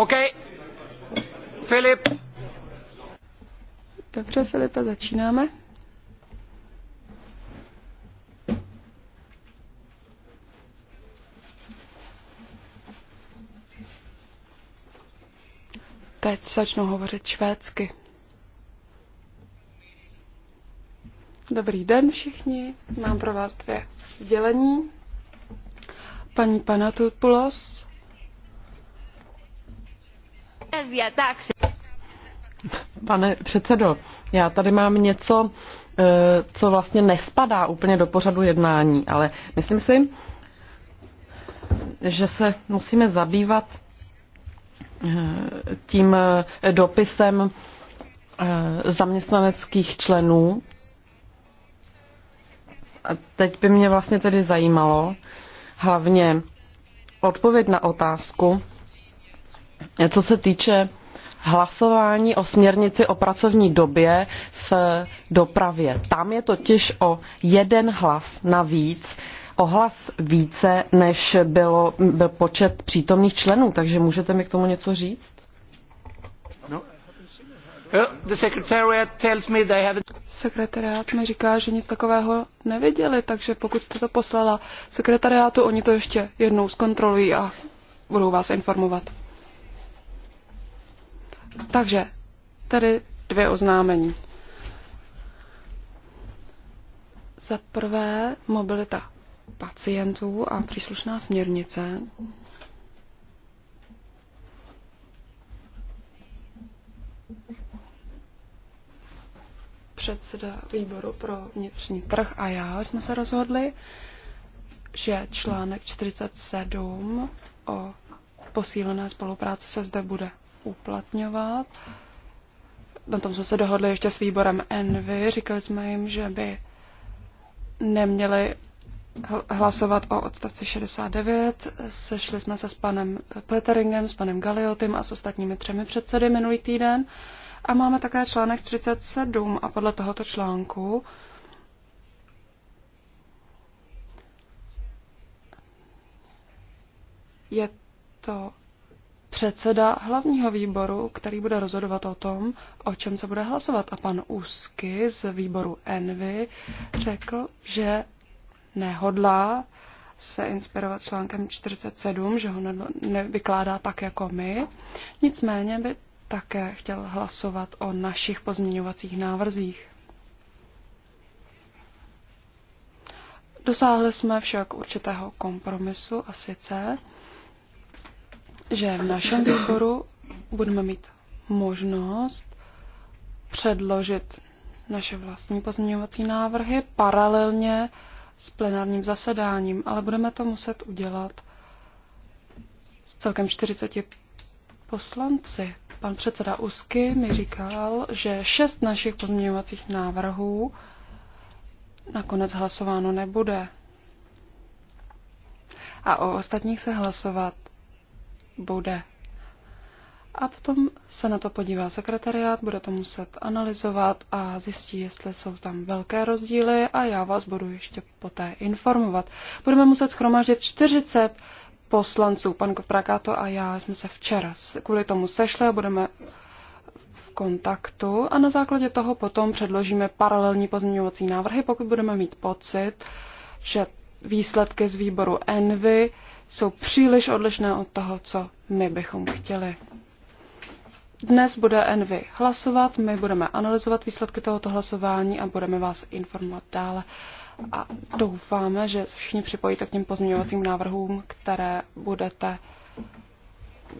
OK. Filip. Dobře, Filipe, začínáme. Teď začnu hovořit švédsky. Dobrý den všichni, mám pro vás dvě sdělení. Paní Panatopoulos Pane předsedo, já tady mám něco, eh, co vlastně nespadá úplně do pořadu jednání, ale myslím si, že se musíme zabývat eh, tím eh, dopisem zaměstnaneckých členů. A teď by mě vlastně tedy zajímalo hlavně odpověď na otázku, co se týče hlasování o směrnici o pracovní době v dopravě. Tam je totiž o jeden hlas navíc, o hlas více, než bylo, byl počet přítomných členů, takže můžete mi k tomu něco říct? No. Uh, Sekretariát mi říká, že nic takového neviděli, takže pokud jste to poslala sekretariátu, oni to ještě jednou zkontrolují a budou vás informovat. Takže tady dvě oznámení. Za prvé mobilita pacientů a příslušná směrnice. Předseda výboru pro vnitřní trh a já jsme se rozhodli, že článek 47 o posílené spolupráci se zde bude uplatňovat. Na tom jsme se dohodli ještě s výborem Envy. Říkali jsme jim, že by neměli hlasovat o odstavci 69. Sešli jsme se s panem Pleteringem, s panem Galiotem a s ostatními třemi předsedy minulý týden. A máme také článek 37 a podle tohoto článku je to předseda hlavního výboru, který bude rozhodovat o tom, o čem se bude hlasovat. A pan Úsky z výboru Envy řekl, že nehodlá se inspirovat článkem 47, že ho nevykládá tak jako my. Nicméně by také chtěl hlasovat o našich pozměňovacích návrzích. Dosáhli jsme však určitého kompromisu a sice, že v našem výboru budeme mít možnost předložit naše vlastní pozměňovací návrhy paralelně s plenárním zasedáním, ale budeme to muset udělat s celkem 40 poslanci. Pan předseda Usky mi říkal, že šest našich pozměňovacích návrhů nakonec hlasováno nebude. A o ostatních se hlasovat bude. A potom se na to podívá sekretariát, bude to muset analyzovat a zjistí, jestli jsou tam velké rozdíly a já vás budu ještě poté informovat. Budeme muset schromaždit 40 poslanců. Pan Koprakáto a já jsme se včera kvůli tomu sešli a budeme v kontaktu a na základě toho potom předložíme paralelní pozměňovací návrhy, pokud budeme mít pocit, že výsledky z výboru Envy jsou příliš odlišné od toho, co my bychom chtěli. Dnes bude Envy hlasovat, my budeme analyzovat výsledky tohoto hlasování a budeme vás informovat dále. A doufáme, že všichni připojíte k těm pozměňovacím návrhům, které, budete,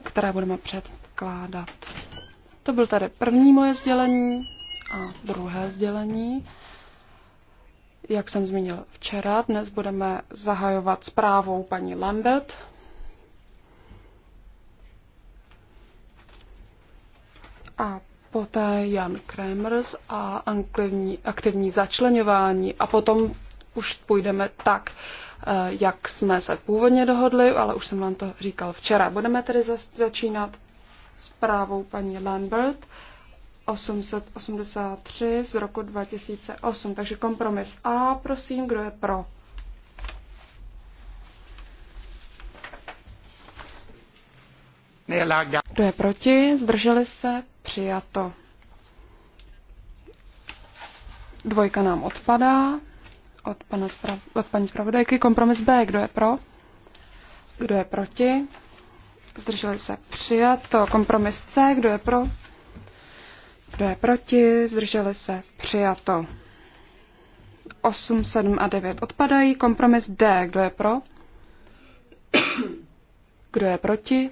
které budeme předkládat. To byl tady první moje sdělení a druhé sdělení. Jak jsem zmínil včera, dnes budeme zahajovat zprávou paní Lambert. A poté Jan Kremers a aktivní, aktivní začlenování. A potom už půjdeme tak, eh, jak jsme se původně dohodli, ale už jsem vám to říkal včera. Budeme tedy začínat zprávou paní Lambert. 883 z roku 2008. Takže kompromis A, prosím, kdo je pro? Kdo je proti? Zdrželi se? Přijato. Dvojka nám odpadá od, pana sprav, od paní zpravodajky. Kompromis B. Kdo je pro? Kdo je proti? Zdrželi se? Přijato. Kompromis C. Kdo je pro? Kdo je proti? Zdrželi se? Přijato. 8, 7 a 9 odpadají. Kompromis D. Kdo je pro? Kdo je proti?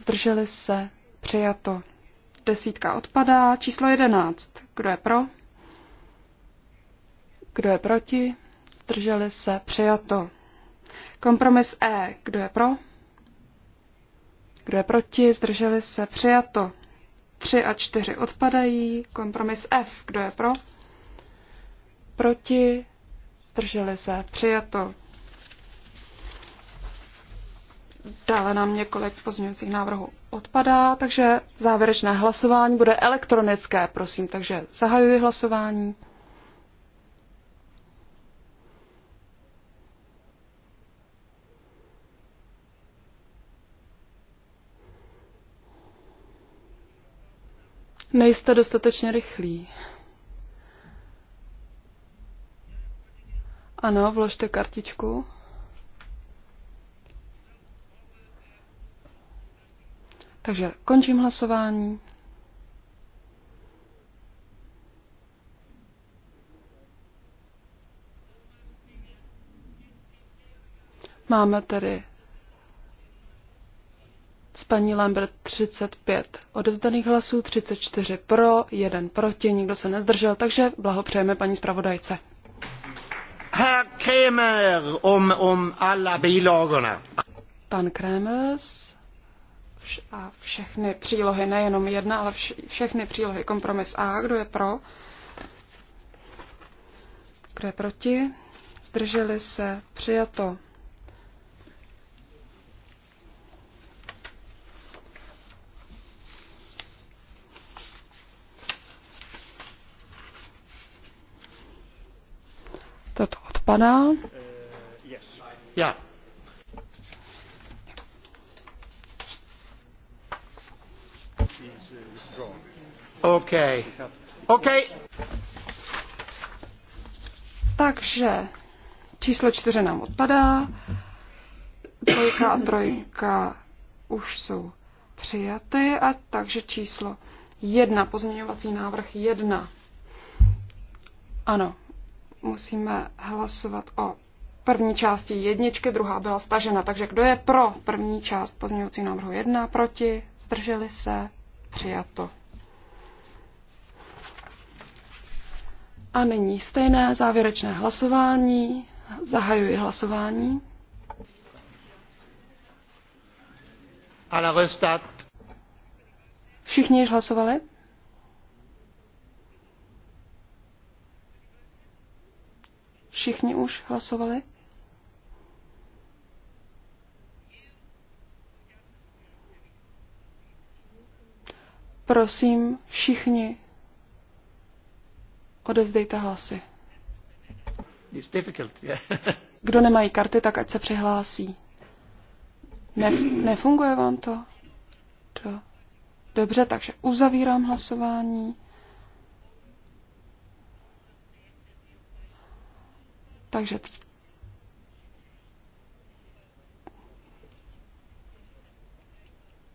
Zdrželi se? Přijato. Desítka odpadá. Číslo 11. Kdo je pro? Kdo je proti? Zdrželi se? Přijato. Kompromis E. Kdo je pro? Kdo je proti? Zdrželi se? Přijato. 3 a 4 odpadají. Kompromis F. Kdo je pro? Proti? drželi se. Přijato. Dále nám několik pozměňovacích návrhů odpadá, takže závěrečné hlasování bude elektronické, prosím. Takže zahajuji hlasování. nejste dostatečně rychlí. Ano, vložte kartičku. Takže končím hlasování. Máme tedy s paní Lambert 35 odevzdaných hlasů, 34 pro, 1 proti, nikdo se nezdržel, takže blahopřejeme paní zpravodajce. Herr Kremer om, um, om um alla bilagorna. Pan Kremers vš- a všechny přílohy, nejenom jedna, ale vš- všechny přílohy. Kompromis A, kdo je pro? Kdo je proti? Zdrželi se, přijato. Toto odpadá. Já. OK. OK. Takže číslo čtyři nám odpadá. Dvojka a trojka už jsou přijaty a takže číslo jedna, pozměňovací návrh jedna. Ano, musíme hlasovat o první části jedničky, druhá byla stažena. Takže kdo je pro první část pozměňovací návrhu jedna proti, zdrželi se, přijato. A nyní stejné závěrečné hlasování. Zahajuji hlasování. Všichni již hlasovali? Všichni už hlasovali? Prosím, všichni odevzdejte hlasy. It's difficult, yeah. Kdo nemají karty, tak ať se přihlásí. Nef- nefunguje vám to? Dobře, takže uzavírám hlasování. Takže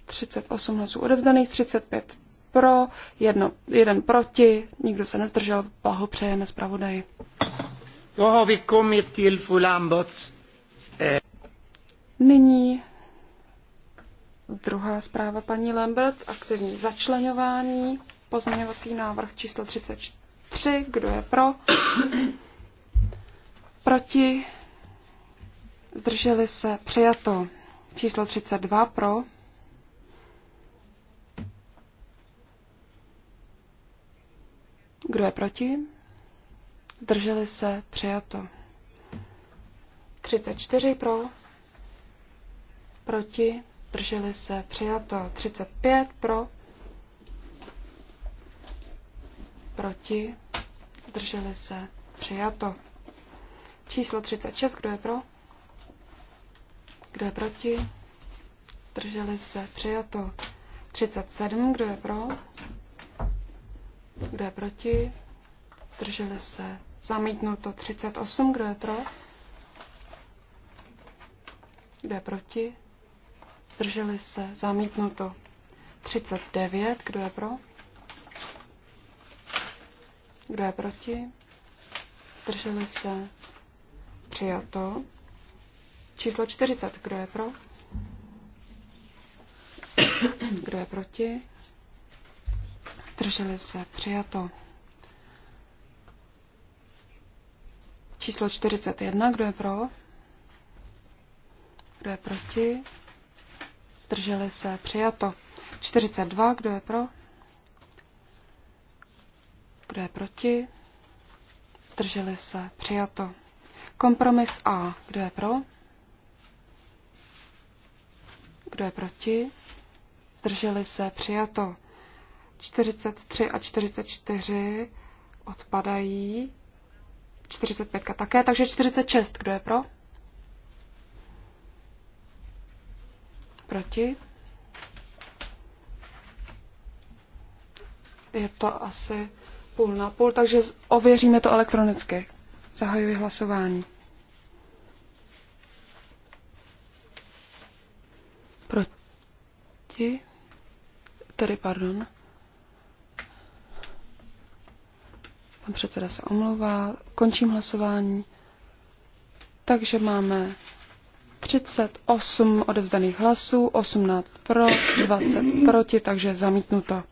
třicet osm hlasů odevzdaných, třicet pět pro, jedno, jeden proti, nikdo se nezdržel, blahopřejeme zpravodaji. Nyní druhá zpráva paní Lambert, aktivní začlenování, pozměňovací návrh číslo 34, kdo je pro, Proti zdrželi se přijato číslo 32 pro. Kdo je proti? Zdrželi se přijato. 34 pro. Proti zdrželi se přijato. 35 pro. Proti zdrželi se přijato. Číslo 36, kdo je pro? Kdo je proti? Zdrželi se. Přijato. 37, kdo je pro? Kdo je proti? Zdrželi se. Zamítnuto. 38, kdo je pro? Kdo je proti? Zdrželi se. Zamítnuto. 39, kdo je pro? Kdo je proti? Zdrželi se. Přijato. Číslo 40. Kdo je pro? Kdo je proti? Drželi se. Přijato. Číslo 41. Kdo je pro? Kdo je proti? Zdrželi se. Přijato. 42. Kdo je pro? Kdo je proti? Zdrželi se. Přijato. Kompromis A. Kdo je pro? Kdo je proti? Zdrželi se přijato. 43 a 44 odpadají. 45 také, takže 46. Kdo je pro? Proti? Je to asi půl na půl, takže ověříme to elektronicky. Zahajuji hlasování. Proti? Tedy, pardon. Pan předseda se omlouvá. Končím hlasování. Takže máme 38 odevzdaných hlasů, 18 pro, 20 proti, takže zamítnuto.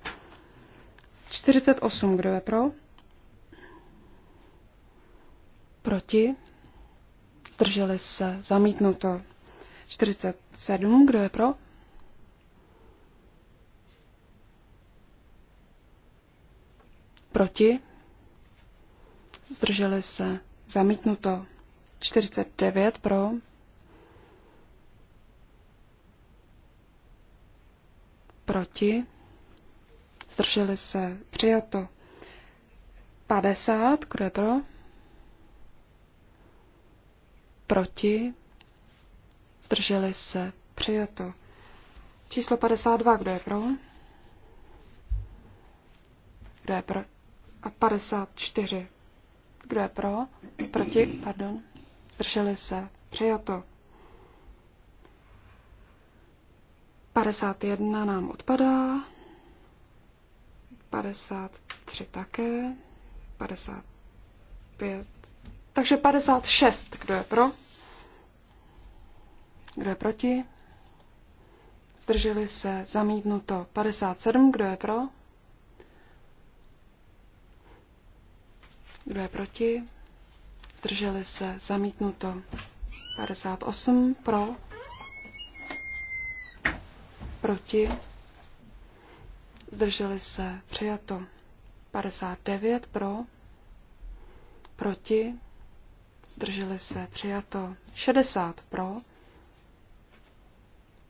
48, kdo je pro? Proti? Zdrželi se, zamítnuto. 47. Kdo je pro? Proti? Zdrželi se. Zamítnuto. 49 pro. Proti? Zdrželi se. Přijato. 50. Kdo je pro? Proti? zdrželi se, přijato. Číslo 52, kdo je pro? Kdo je pro? A 54. Kdo je pro? Proti? Pardon. Zdrželi se. Přijato. 51 nám odpadá. 53 také. 55. Takže 56. Kdo je pro? Kdo je proti? Zdrželi se zamítnuto 57. Kdo je pro? Kdo je proti? Zdrželi se zamítnuto 58. Pro? Proti? Zdrželi se přijato 59. Pro? Proti? Zdrželi se přijato 60. Pro?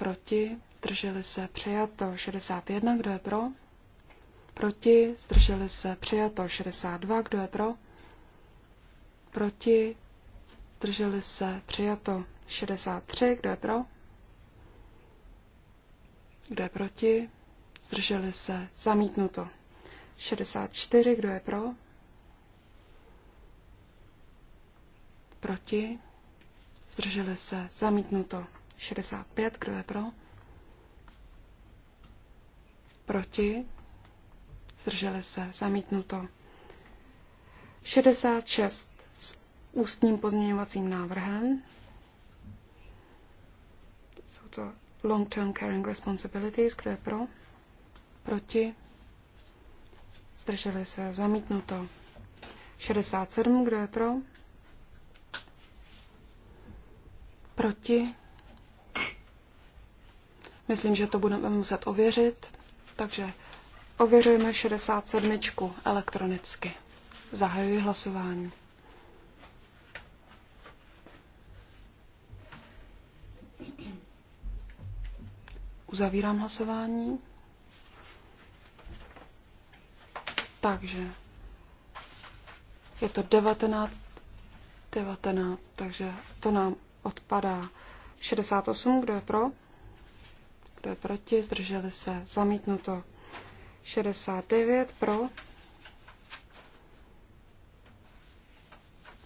Proti? Zdrželi se přijato 61. Kdo je pro? Proti? Zdrželi se přijato 62. Kdo je pro? Proti? Zdrželi se přijato 63. Kdo je pro? Kdo je proti? Zdrželi se zamítnuto. 64. Kdo je pro? Proti? Zdrželi se zamítnuto. 65, kdo je pro? Proti? Zdrželi se. Zamítnuto. 66 s ústním pozměňovacím návrhem. Jsou to long-term caring responsibilities, kdo je pro? Proti? Zdrželi se. Zamítnuto. 67, kdo je pro? Proti? Myslím, že to budeme muset ověřit, takže ověřujeme 67 elektronicky. Zahajuji hlasování. Uzavírám hlasování. Takže je to 19, 19, takže to nám odpadá 68, kdo je pro? Kdo je proti? Zdrželi se. Zamítnuto. 69 pro.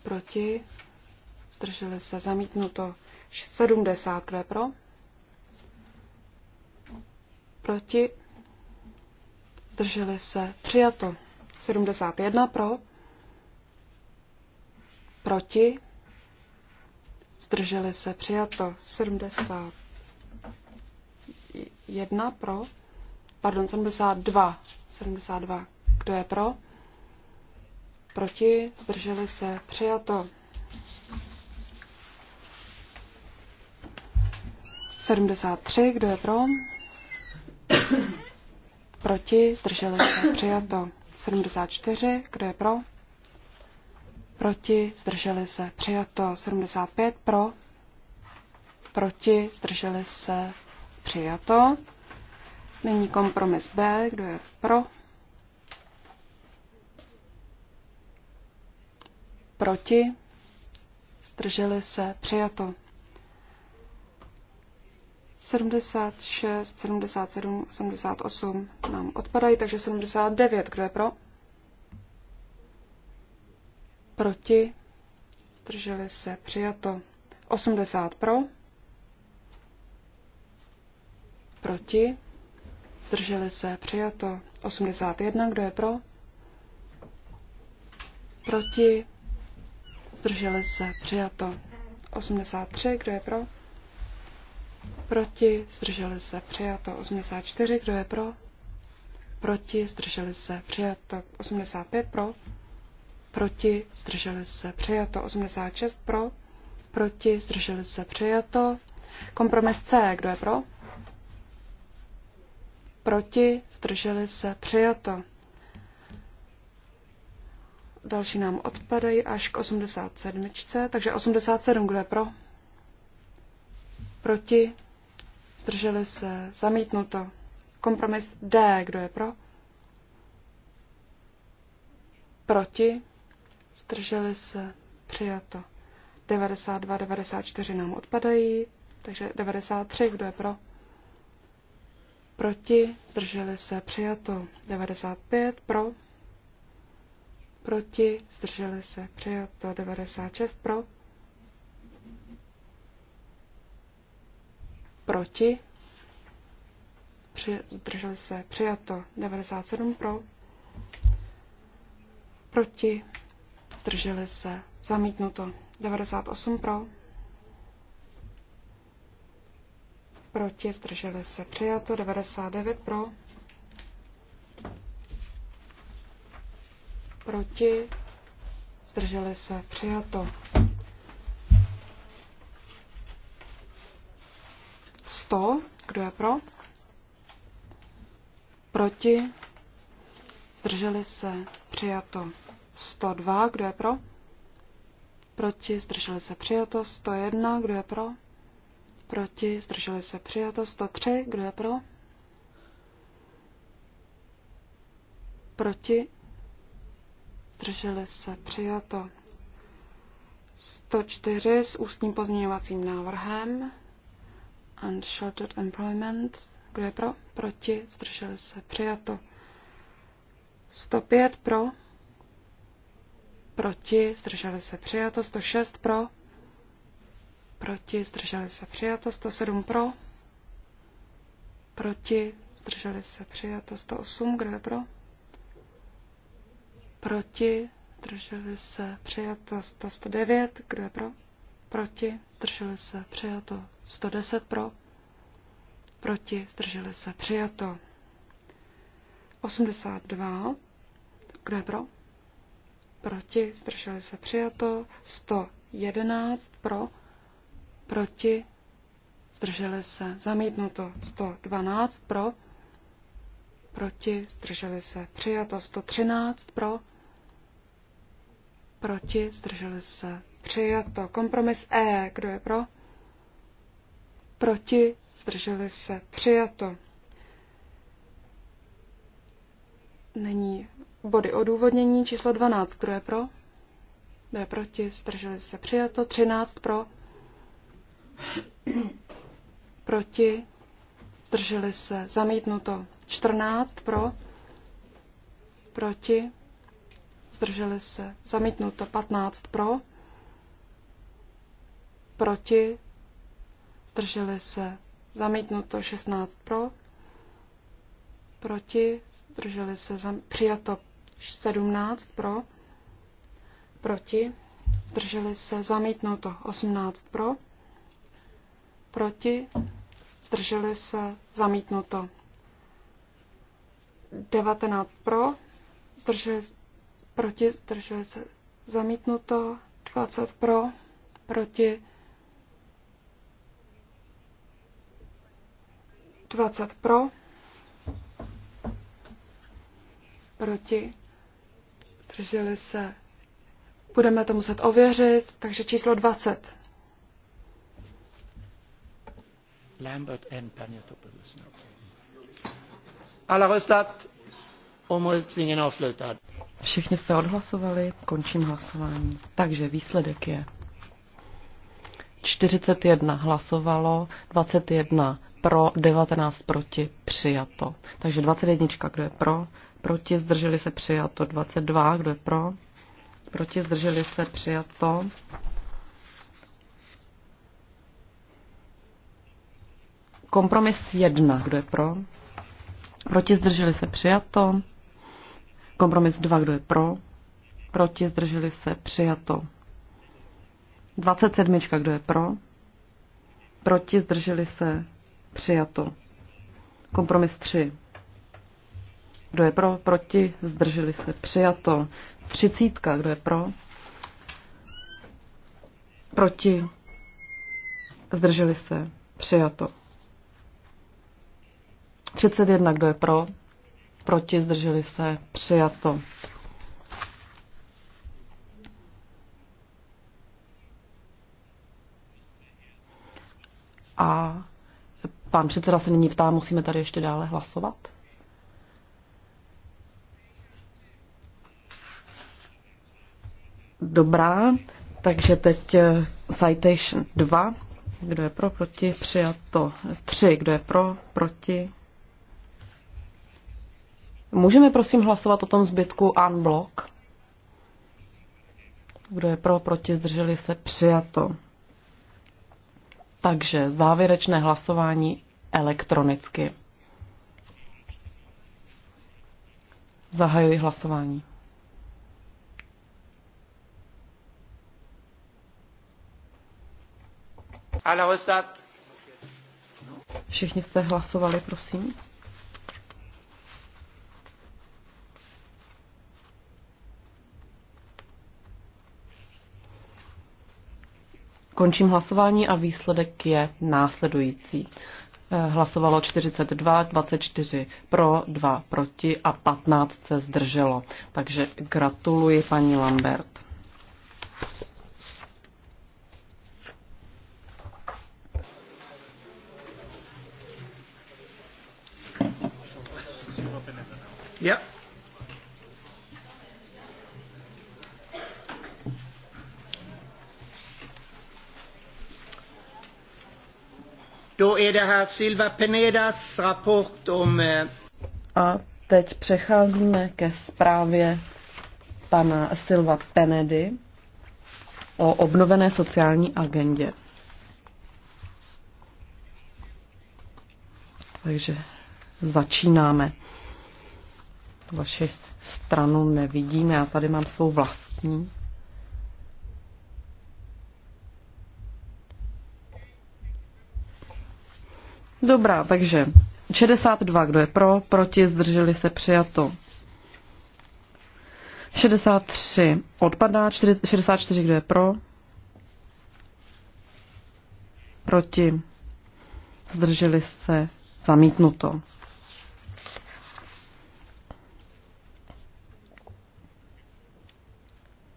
Proti. Zdrželi se. Zamítnuto. 70. Kdo je pro? Proti. Zdrželi se. Přijato. 71 pro. Proti. Zdrželi se. Přijato. 70. 71 pro, pardon, 72, 72, kdo je pro, proti, zdrželi se, přijato. 73, kdo je pro? Proti, zdrželi se, přijato. 74, kdo je pro? Proti, zdrželi se, přijato. 75, pro? Proti, zdrželi se, Přijato. Nyní kompromis B. Kdo je pro? Proti? Zdrželi se? Přijato. 76, 77, 78 nám odpadají, takže 79. Kdo je pro? Proti? Zdrželi se? Přijato. 80 pro? Proti? Zdrželi se. Přijato. 81. Kdo je pro? Proti? Zdrželi se. Přijato. 83. Kdo je pro? Proti? Zdrželi se. Přijato. 84. Kdo je pro? Proti? Zdrželi se. Přijato. 85. Pro? Proti? Zdrželi se. Přijato. 86. Pro? Proti? Zdrželi se. Přijato. Kompromis C. Kdo je pro? proti, zdrželi se, přijato. Další nám odpadají až k 87. Takže 87, kdo je pro? Proti, zdrželi se, zamítnuto. Kompromis D, kdo je pro? Proti, zdrželi se, přijato. 92, 94 nám odpadají, takže 93, kdo je pro? proti, zdrželi se, přijato. 95 pro, proti, zdrželi se, přijato. 96 pro, proti, při, zdrželi se, přijato. 97 pro, proti, zdrželi se, zamítnuto. 98 pro, proti, zdrželi se přijato, 99 pro, proti, zdrželi se přijato. 100, kdo je pro? Proti, zdrželi se přijato. 102, kdo je pro? Proti, zdrželi se přijato. 101, kdo je pro? Proti? Zdrželi se přijato. 103. Kdo je pro? Proti? Zdrželi se přijato. 104 s ústním pozměňovacím návrhem. Unsheltered Employment. Kdo je pro? Proti? Zdrželi se přijato. 105 pro. Proti? Zdrželi se přijato. 106 pro proti, zdrželi se přijato, 107 pro, proti, zdrželi se přijato, 108, kdo je pro, proti, zdrželi se přijato, 109, kdo je pro, proti, zdrželi se přijato, 110 pro, proti, zdrželi se přijato, 82, kdo je pro, proti, zdrželi se přijato, 111 pro, proti, zdrželi se, zamítnuto 112 pro, proti, zdrželi se, přijato 113 pro, proti, zdrželi se, přijato kompromis E, kdo je pro, proti, zdrželi se, přijato. Není body odůvodnění číslo 12, kdo je pro, kdo je proti, zdrželi se, přijato 13 pro, proti, zdrželi se, zamítnuto. 14 pro, proti, zdrželi se, zamítnuto. 15 pro, proti, zdrželi se, zamítnuto. 16 pro, proti, zdrželi se, zam, přijato. 17 pro, proti, zdrželi se, zamítnuto. 18 pro, proti, zdrželi se, zamítnuto. 19 pro, zdrželi, proti, zdrželi se, zamítnuto. 20 pro, proti, 20 pro, proti, zdrželi se. Budeme to muset ověřit, takže číslo 20. Lambert and Paniatopoulos. Alla röstat. Omröstningen avslutad. Všichni jste odhlasovali, končím hlasování. Takže výsledek je 41 hlasovalo, 21 pro, 19 proti, přijato. Takže 21, kdo je pro, proti, zdrželi se přijato. 22, kdo je pro, proti, zdrželi se přijato. Kompromis jedna, Kdo je pro? Proti zdrželi se přijato. Kompromis dva, Kdo je pro? Proti zdrželi se přijato. 27. Kdo je pro? Proti zdrželi se přijato. Kompromis 3. Kdo je pro? Proti zdrželi se přijato. 30. Kdo je pro? Proti zdrželi se přijato. 31, kdo je pro? Proti, zdrželi se, přijato. A pan předseda se nyní ptá, musíme tady ještě dále hlasovat? Dobrá, takže teď eh, citation 2. Kdo je pro, proti, přijato 3. Kdo je pro, proti, Můžeme prosím hlasovat o tom zbytku unblock? Kdo je pro, proti, zdrželi se, přijato. Takže závěrečné hlasování elektronicky. Zahajuji hlasování. Všichni jste hlasovali, prosím. Končím hlasování a výsledek je následující. Eh, hlasovalo 42, 24 pro, 2 proti a 15 se zdrželo. Takže gratuluji paní Lambert. Yeah. Er det här Silva Penedas rapport om... Eh, A teď přecházíme ke zprávě pana Silva Penedy o obnovené sociální agendě. Takže začínáme. Vaši stranu nevidím, já tady mám svou vlastní. Dobrá, takže 62, kdo je pro, proti, zdrželi se, přijato. 63 odpadá, 64, kdo je pro, proti, zdrželi se, zamítnuto.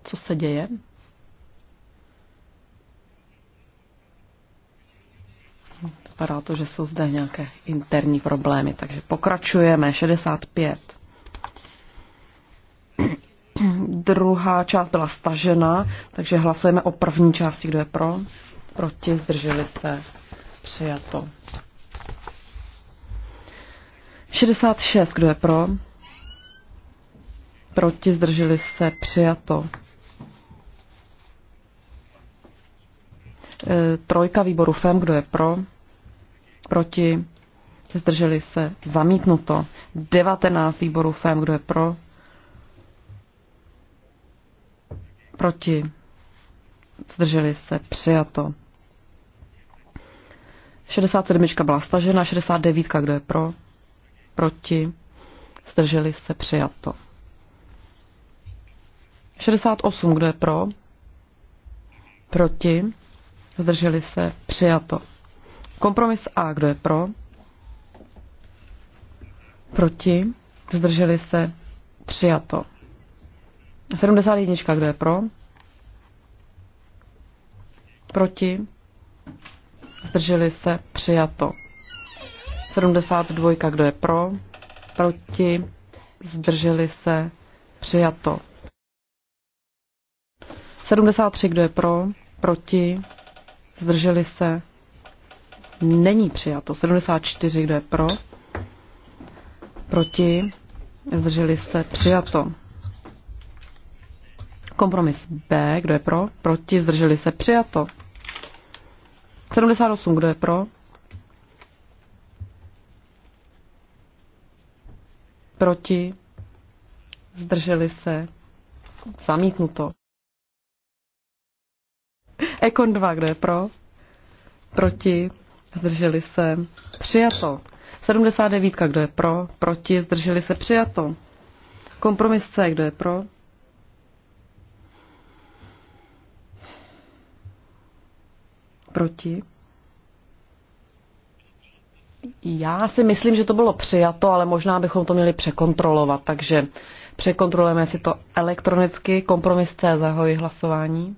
Co se děje? Vypadá to, že jsou zde nějaké interní problémy, takže pokračujeme. 65. Druhá část byla stažena, takže hlasujeme o první části, kdo je pro. Proti, zdrželi se, přijato. 66, kdo je pro? Proti, zdrželi se, přijato. E, trojka výboru FEM, kdo je pro? proti, zdrželi se, zamítnuto. 19 výborů FEM, kdo je pro, proti, zdrželi se, přijato. 67 byla stažena, 69, kdo je pro, proti, zdrželi se, přijato. 68, kdo je pro, proti, zdrželi se, přijato. Kompromis A, kdo je pro? Proti? Zdrželi se? Přijato. 71, kdo je pro? Proti? Zdrželi se? Přijato. 72, kdo je pro? Proti? Zdrželi se? Přijato. 73, kdo je pro? Proti? Zdrželi se? Není přijato. 74, kdo je pro? Proti? Zdrželi se? Přijato. Kompromis B, kdo je pro? Proti? Zdrželi se? Přijato. 78, kdo je pro? Proti? Zdrželi se? Zamítnuto. Ekon 2, kdo je pro? Proti? zdrželi se, přijato. 79, kdo je pro, proti, zdrželi se, přijato. Kompromis C, kdo je pro, proti. Já si myslím, že to bylo přijato, ale možná bychom to měli překontrolovat, takže překontrolujeme si to elektronicky. Kompromis C, zahoji hlasování.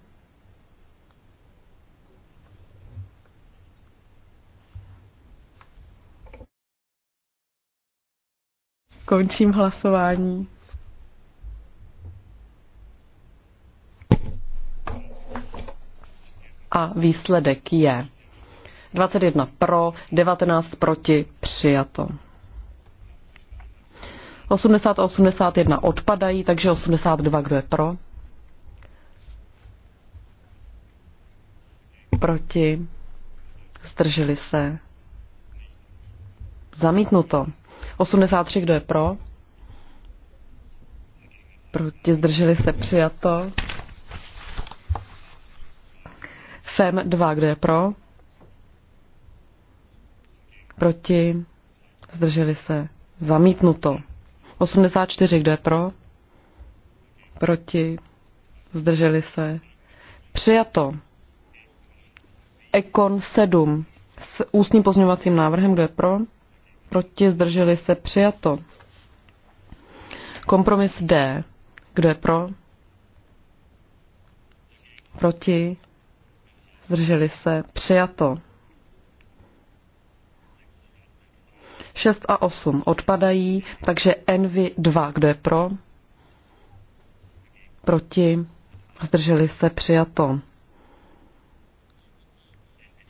Končím hlasování. A výsledek je 21 pro, 19 proti, přijato. 80 a 81 odpadají, takže 82 kdo je pro? Proti? Zdrželi se? Zamítnuto. 83, kdo je pro? Proti zdrželi se přijato. FEM 2, kdo je pro? Proti zdrželi se zamítnuto. 84, kdo je pro? Proti zdrželi se přijato. Ekon 7 s ústním pozměňovacím návrhem, kdo je pro? proti, zdrželi se, přijato. Kompromis D. Kdo je pro? Proti, zdrželi se, přijato. 6 a 8 odpadají, takže Envy 2, kdo je pro? Proti, zdrželi se, přijato.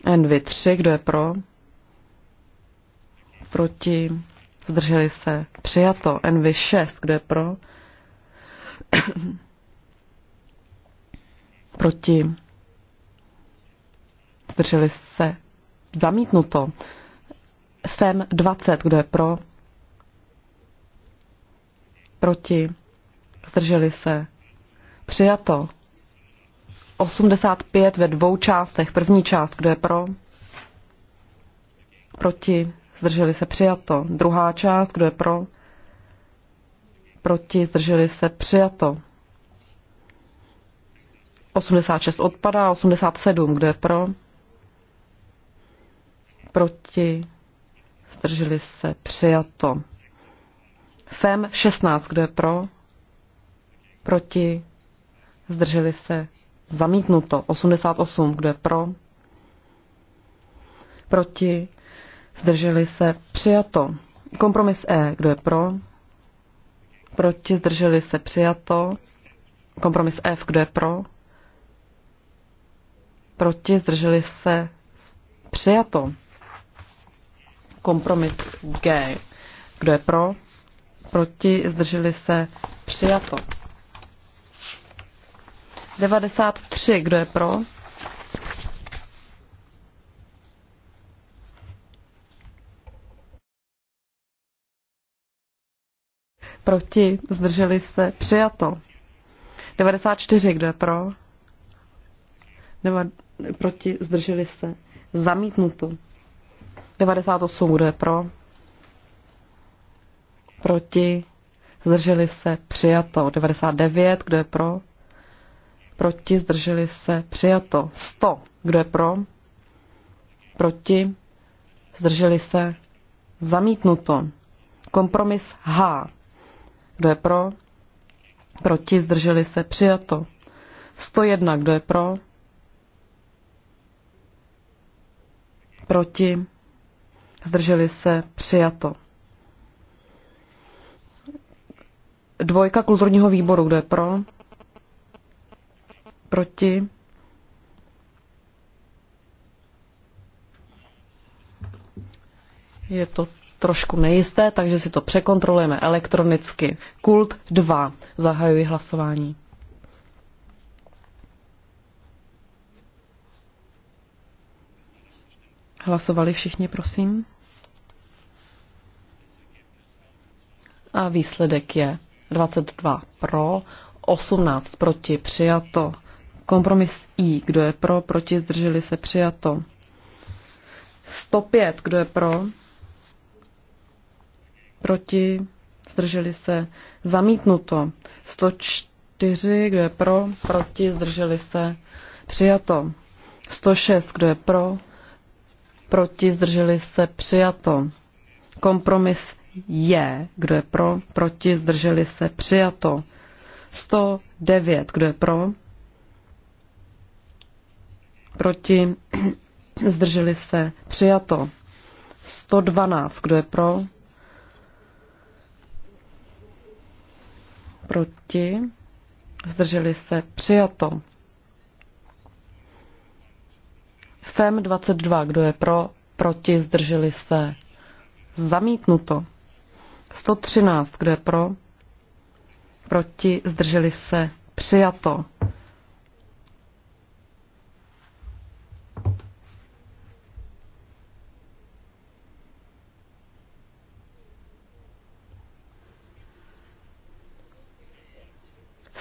Envy 3, kdo je pro? proti, zdrželi se, přijato, NV6, kdo je pro, proti, zdrželi se, zamítnuto, sem 20, kdo je pro, proti, zdrželi se, přijato, 85 ve dvou částech, první část, kdo je pro, proti, zdrželi se přijato. Druhá část, kdo je pro, proti, zdrželi se přijato. 86 odpadá, 87, kdo je pro, proti, zdrželi se přijato. FEM 16, kdo je pro, proti, zdrželi se zamítnuto. 88, kdo je pro, proti, zdrželi se, přijato. Kompromis E, kdo je pro, proti, zdrželi se, přijato. Kompromis F, kdo je pro, proti, zdrželi se, přijato. Kompromis G, kdo je pro, proti, zdrželi se, přijato. 93, kdo je pro, proti, zdrželi se, přijato. 94, kdo je pro, Deva, proti, zdrželi se, zamítnuto. 98, kdo je pro, proti, zdrželi se, přijato. 99, kdo je pro, proti, zdrželi se, přijato. 100, kdo je pro, proti, zdrželi se, zamítnuto. Kompromis H. Kdo je pro? Proti? Zdrželi se? Přijato. 101. Kdo je pro? Proti? Zdrželi se? Přijato. Dvojka kulturního výboru. Kdo je pro? Proti? Je to trošku nejisté, takže si to překontrolujeme elektronicky. Kult 2. Zahajuji hlasování. Hlasovali všichni, prosím? A výsledek je 22 pro, 18 proti, přijato. Kompromis I, kdo je pro, proti, zdrželi se, přijato. 105, kdo je pro, proti, zdrželi se, zamítnuto. 104, kdo je pro, proti, zdrželi se, přijato. 106, kdo je pro, proti, zdrželi se, přijato. Kompromis je, kdo je pro, proti, zdrželi se, přijato. 109, kdo je pro, proti, zdrželi se, přijato. 112, kdo je pro, proti, zdrželi se, přijato. FEM 22, kdo je pro, proti, zdrželi se, zamítnuto. 113, kdo je pro, proti, zdrželi se, přijato.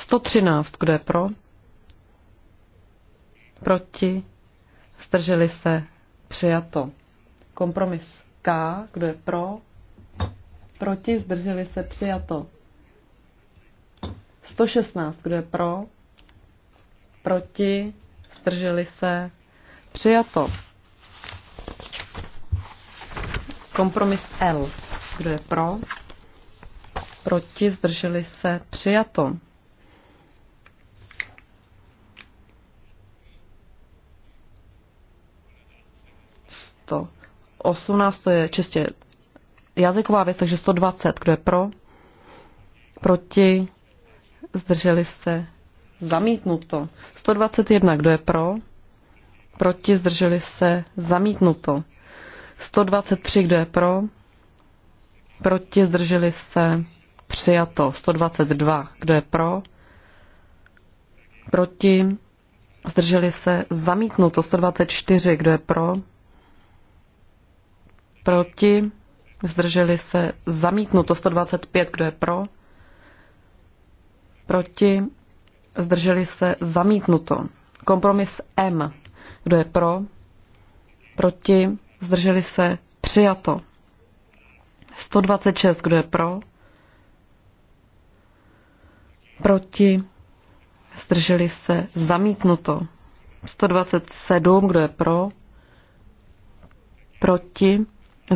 113, kdo je pro? Proti? Zdrželi se? Přijato. Kompromis K, kdo je pro? Proti? Zdrželi se? Přijato. 116, kdo je pro? Proti? Zdrželi se? Přijato. Kompromis L. Kdo je pro? Proti? Zdrželi se? Přijato. 18 to je čistě jazyková věc, takže 120, kdo je pro, proti, zdrželi se, zamítnuto. 121, kdo je pro, proti, zdrželi se, zamítnuto. 123, kdo je pro, proti, zdrželi se, přijato. 122, kdo je pro, proti, zdrželi se, zamítnuto. 124, kdo je pro, proti, zdrželi se zamítnuto 125, kdo je pro, proti, zdrželi se zamítnuto. Kompromis M, kdo je pro, proti, zdrželi se přijato. 126, kdo je pro, proti, zdrželi se zamítnuto. 127, kdo je pro, proti,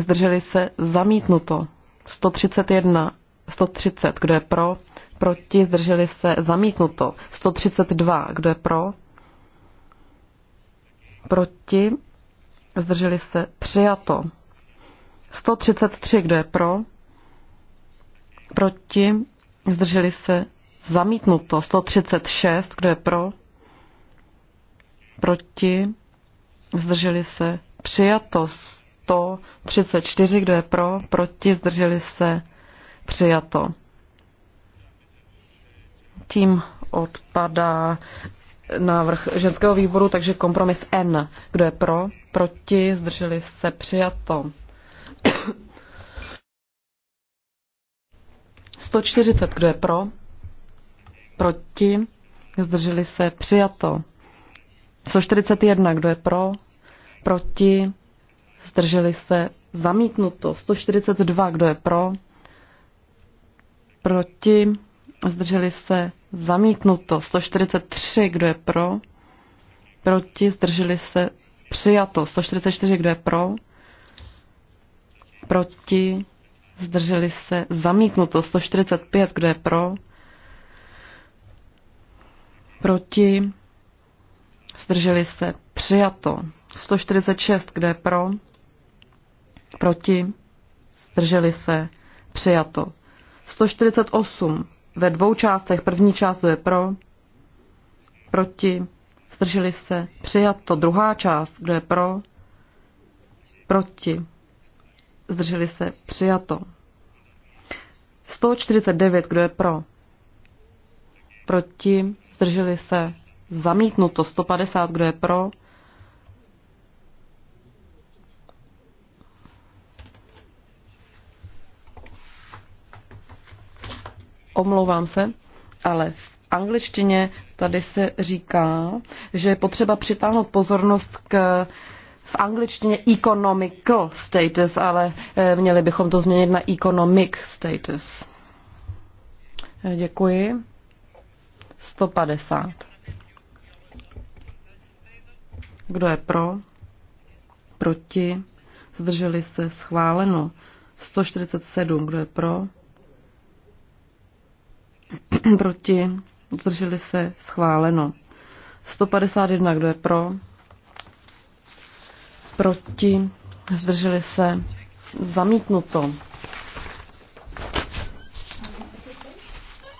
zdrželi se, zamítnuto. 131, 130, kdo je pro, proti, zdrželi se, zamítnuto. 132, kdo je pro, proti, zdrželi se, přijato. 133, kdo je pro, proti, zdrželi se, zamítnuto. 136, kdo je pro, proti, zdrželi se, přijato. 134, kdo je pro, proti, zdrželi se, přijato. Tím odpadá návrh ženského výboru, takže kompromis N. Kdo je pro, proti, zdrželi se, přijato. 140, kdo je pro, proti, zdrželi se, přijato. 141, kdo je pro, proti, zdrželi se, zamítnuto. 142, kdo je pro, proti, zdrželi se, zamítnuto. 143, kdo je pro, proti, zdrželi se, přijato. 144, kdo je pro, proti, zdrželi se, zamítnuto. 145, kdo je pro, proti, zdrželi se, přijato. 146, kdo je pro, proti, zdrželi se, přijato. 148 ve dvou částech, první část je pro, proti, zdrželi se, přijato. Druhá část, kdo je pro, proti, zdrželi se, přijato. 149, kdo je pro, proti, zdrželi se, zamítnuto. 150, kdo je pro, omlouvám se, ale v angličtině tady se říká, že je potřeba přitáhnout pozornost k v angličtině economical status, ale eh, měli bychom to změnit na economic status. Eh, děkuji. 150. Kdo je pro? Proti? Zdrželi se schváleno. 147. Kdo je pro? proti, zdrželi se, schváleno. 151, kdo je pro, proti, zdrželi se, zamítnuto.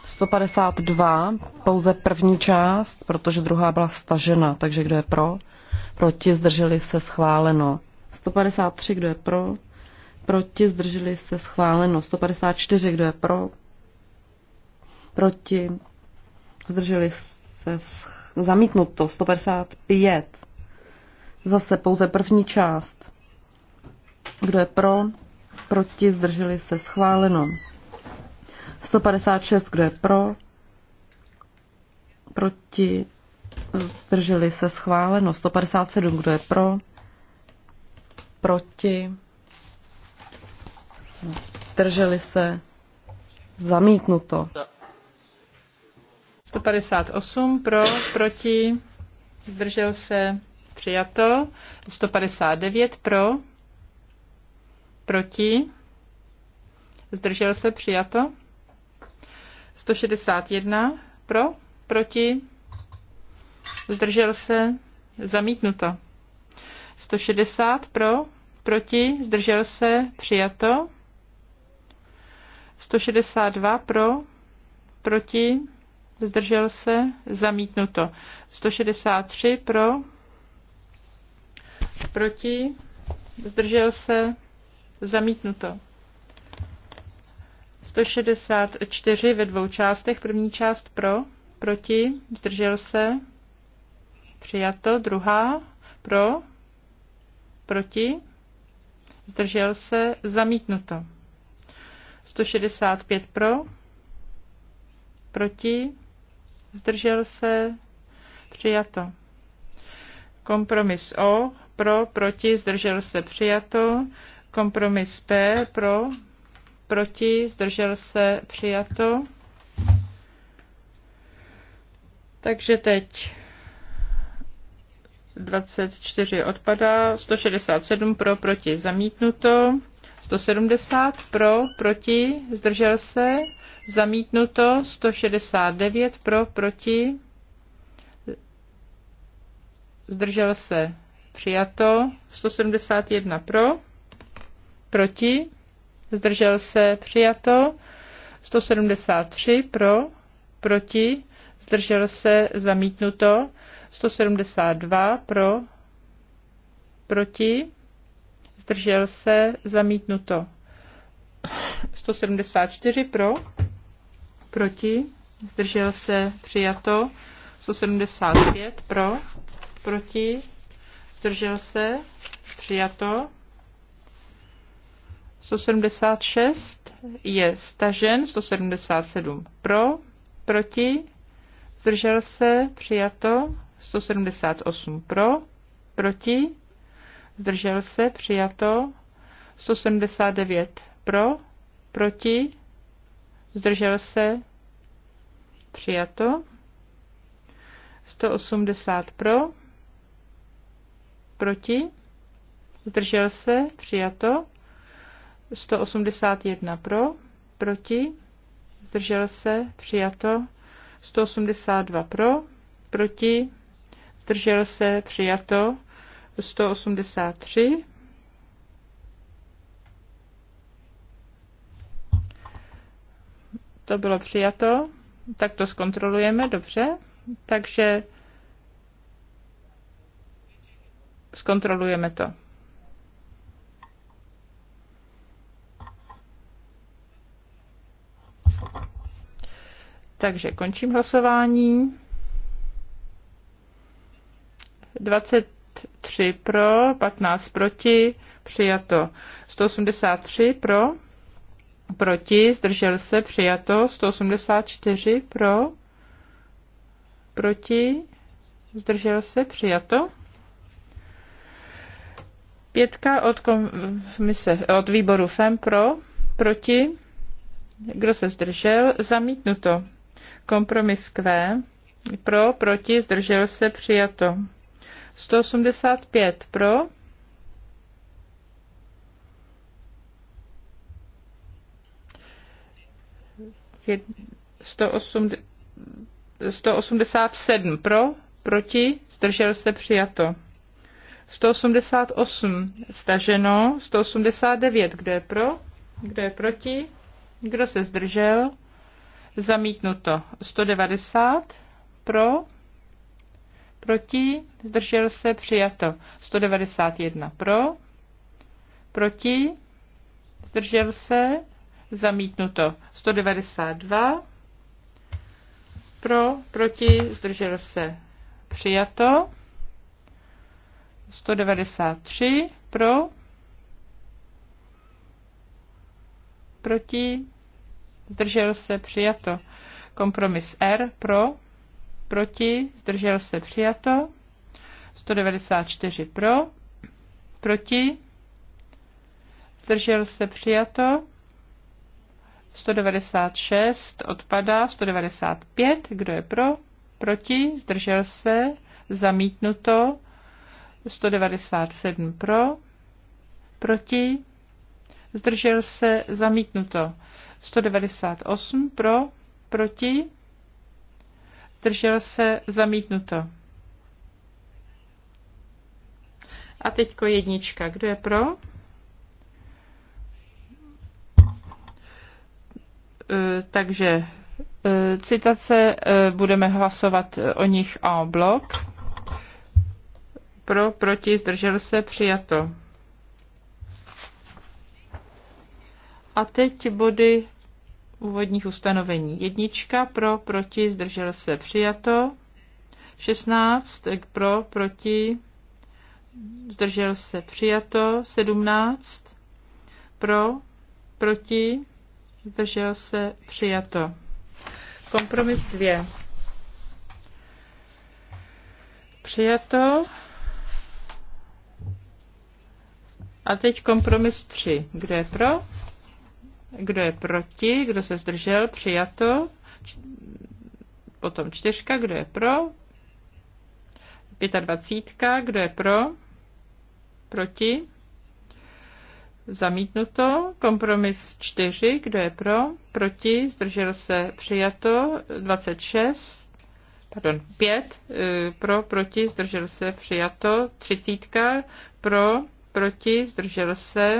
152, pouze první část, protože druhá byla stažena, takže kdo je pro? Proti, zdrželi se, schváleno. 153, kdo je pro? Proti, zdrželi se, schváleno. 154, kdo je pro? proti, zdrželi se zamítnuto 155. Zase pouze první část. Kdo je pro, proti, zdrželi se schváleno. 156, kdo je pro, proti, zdrželi se schváleno. 157, kdo je pro, proti, zdrželi se zamítnuto. Yeah. 158 pro, proti, zdržel se, přijato. 159 pro, proti, zdržel se, přijato. 161 pro, proti, zdržel se, zamítnuto. 160 pro, proti, zdržel se, přijato. 162 pro, proti, zdržel se, zamítnuto. 163 pro, proti, zdržel se, zamítnuto. 164 ve dvou částech, první část pro, proti, zdržel se, přijato, druhá pro, proti, zdržel se, zamítnuto. 165 pro, proti, zdržel se, přijato. Kompromis O, pro, proti, zdržel se, přijato. Kompromis P, pro, proti, zdržel se, přijato. Takže teď 24 odpadá, 167 pro, proti, zamítnuto, 170 pro, proti, zdržel se, zamítnuto 169 pro, proti, zdržel se přijato 171 pro, proti, zdržel se přijato 173 pro, proti, zdržel se zamítnuto 172 pro, proti, zdržel se zamítnuto 174 pro, proti, zdržel se, přijato. 175 pro, proti, zdržel se, přijato. 176 je stažen, 177 pro, proti, zdržel se, přijato, 178 pro, proti, zdržel se, přijato, 179 pro, proti, zdržel se, přijato. 180 pro, proti, zdržel se, přijato. 181 pro, proti, zdržel se, přijato. 182 pro, proti, zdržel se, přijato. 183 To bylo přijato. Tak to zkontrolujeme, dobře. Takže zkontrolujeme to. Takže končím hlasování. 23 pro, 15 proti, přijato 183 pro, proti, zdržel se, přijato, 184 pro, proti, zdržel se, přijato. Pětka od, komise, od výboru FEM pro, proti, kdo se zdržel, zamítnuto. Kompromis Q, pro, proti, zdržel se, přijato. 185 pro, 187 pro, proti, zdržel se přijato. 188 staženo, 189 kde je pro, kde je proti, kdo se zdržel, zamítnuto 190 pro, proti, zdržel se, přijato 191 pro, proti, zdržel se, zamítnuto 192, pro, proti, zdržel se, přijato, 193, pro, proti, zdržel se, přijato, kompromis R, pro, proti, zdržel se, přijato, 194 pro, proti, zdržel se, přijato, 196 odpadá, 195, kdo je pro, proti, zdržel se, zamítnuto, 197 pro, proti, zdržel se, zamítnuto, 198 pro, proti, zdržel se, zamítnuto. A teďko jednička, kdo je pro? Takže e, citace, e, budeme hlasovat o nich a blok. Pro, proti, zdržel se, přijato. A teď body úvodních ustanovení. Jednička pro, proti, zdržel se, přijato. 16 pro, proti, zdržel se, přijato. 17 pro, proti, zdržel se, přijato. Kompromis 2. Přijato. A teď kompromis 3. Kdo je pro? Kdo je proti? Kdo se zdržel? Přijato. Potom čtyřka. Kdo je pro? Pětadvacítka. Kdo je pro? Proti? Zamítnuto. Kompromis 4. Kdo je pro? Proti. Zdržel se. Přijato. 26. Pardon, 5. Eh, pro, proti. Zdržel se. Přijato. 30. Pro, proti. Zdržel se.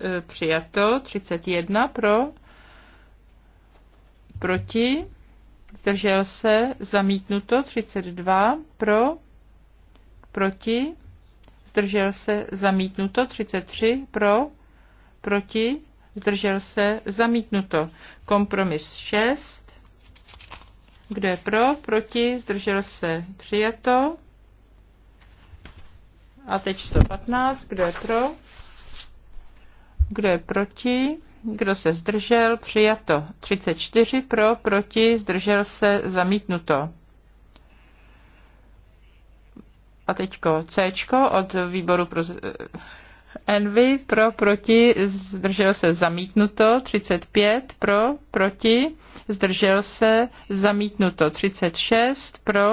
Eh, přijato. 31. Pro, proti. Zdržel se. Zamítnuto. 32. Pro, proti zdržel se, zamítnuto. 33 pro, proti, zdržel se, zamítnuto. Kompromis 6. Kdo je pro, proti, zdržel se, přijato. A teď 115, kdo je pro, kdo je proti, kdo se zdržel, přijato. 34 pro, proti, zdržel se, zamítnuto a teďko C od výboru pro Envy pro, proti, zdržel se zamítnuto, 35 pro, proti, zdržel se zamítnuto, 36 pro,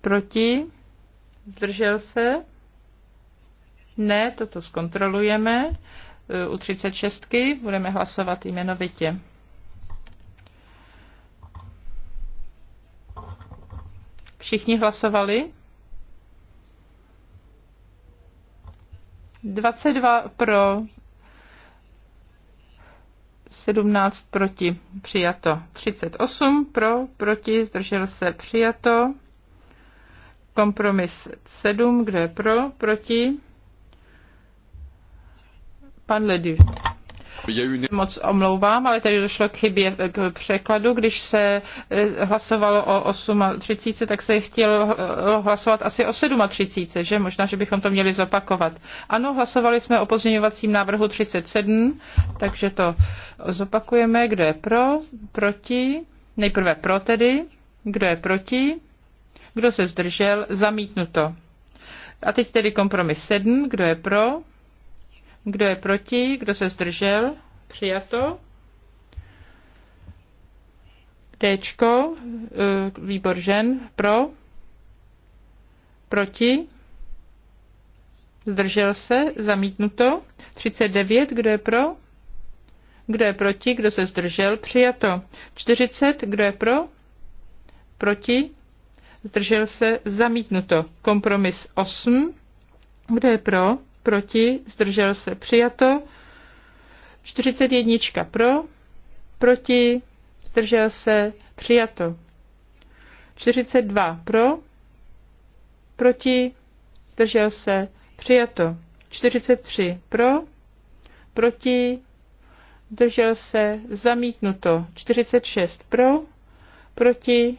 proti, zdržel se, ne, toto zkontrolujeme, u 36 budeme hlasovat jmenovitě. Všichni hlasovali? 22 pro, 17 proti, přijato. 38 pro, proti, zdržel se, přijato. Kompromis 7, kde je pro, proti. Pan Ledy. Moc omlouvám, ale tady došlo k chybě k překladu. Když se eh, hlasovalo o 8.30, tak se chtělo eh, hlasovat asi o 7.30, že možná, že bychom to měli zopakovat. Ano, hlasovali jsme o pozměňovacím návrhu 37, takže to zopakujeme. Kdo je pro? Proti? Nejprve pro tedy. Kdo je proti? Kdo se zdržel? Zamítnuto. A teď tedy kompromis 7. Kdo je pro? Kdo je proti? Kdo se zdržel? Přijato. D. E, výbor žen. Pro. Proti. Zdržel se. Zamítnuto. 39. Kdo je pro? Kdo je proti? Kdo se zdržel? Přijato. 40. Kdo je pro? Proti? Zdržel se. Zamítnuto. Kompromis 8. Kdo je pro? proti, zdržel se, přijato. 41 pro, proti, zdržel se, přijato. 42 pro, proti, zdržel se, přijato. 43 pro, proti, zdržel se, zamítnuto. 46 pro, proti,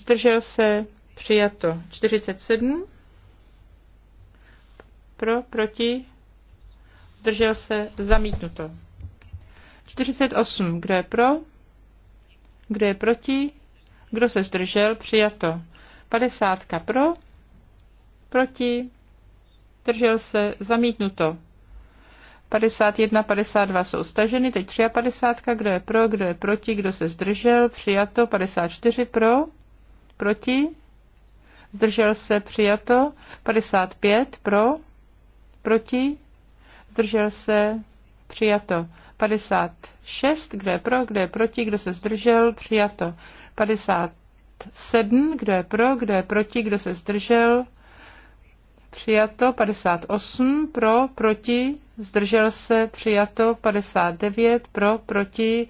zdržel se, přijato. 47 pro, proti, zdržel se, zamítnuto. 48. Kdo je pro? Kdo je proti? Kdo se zdržel? Přijato. 50. Pro? Proti? Zdržel se? Zamítnuto. 51, 52 jsou staženy, teď 53, kdo je pro, kdo je proti, kdo se zdržel, přijato, 54 pro, proti, zdržel se, přijato, 55 pro, proti, zdržel se, přijato. 56, kdo je pro, kdo je proti, kdo se zdržel, přijato. 57, kdo je pro, kdo je proti, kdo se zdržel, přijato. 58, pro, proti, zdržel se, přijato. 59, pro, proti,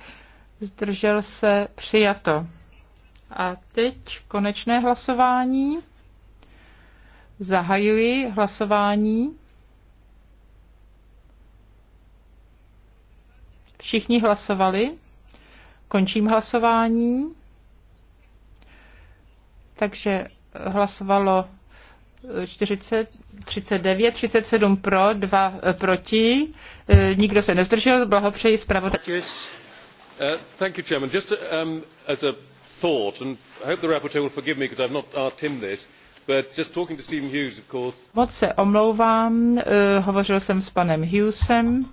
zdržel se, přijato. A teď konečné hlasování. Zahajuji hlasování. Všichni hlasovali. Končím hlasování. Takže hlasovalo 40, 39, 37 pro, 2 eh, proti. Eh, nikdo se nezdržel. Blahopřeji zpravodaj. Uh, um, thought, and I hope the rapporteur will forgive me because I've not asked him this, but just talking to Stephen Hughes, of course. Moc se omlouvám, uh, hovořil jsem s panem Hughesem.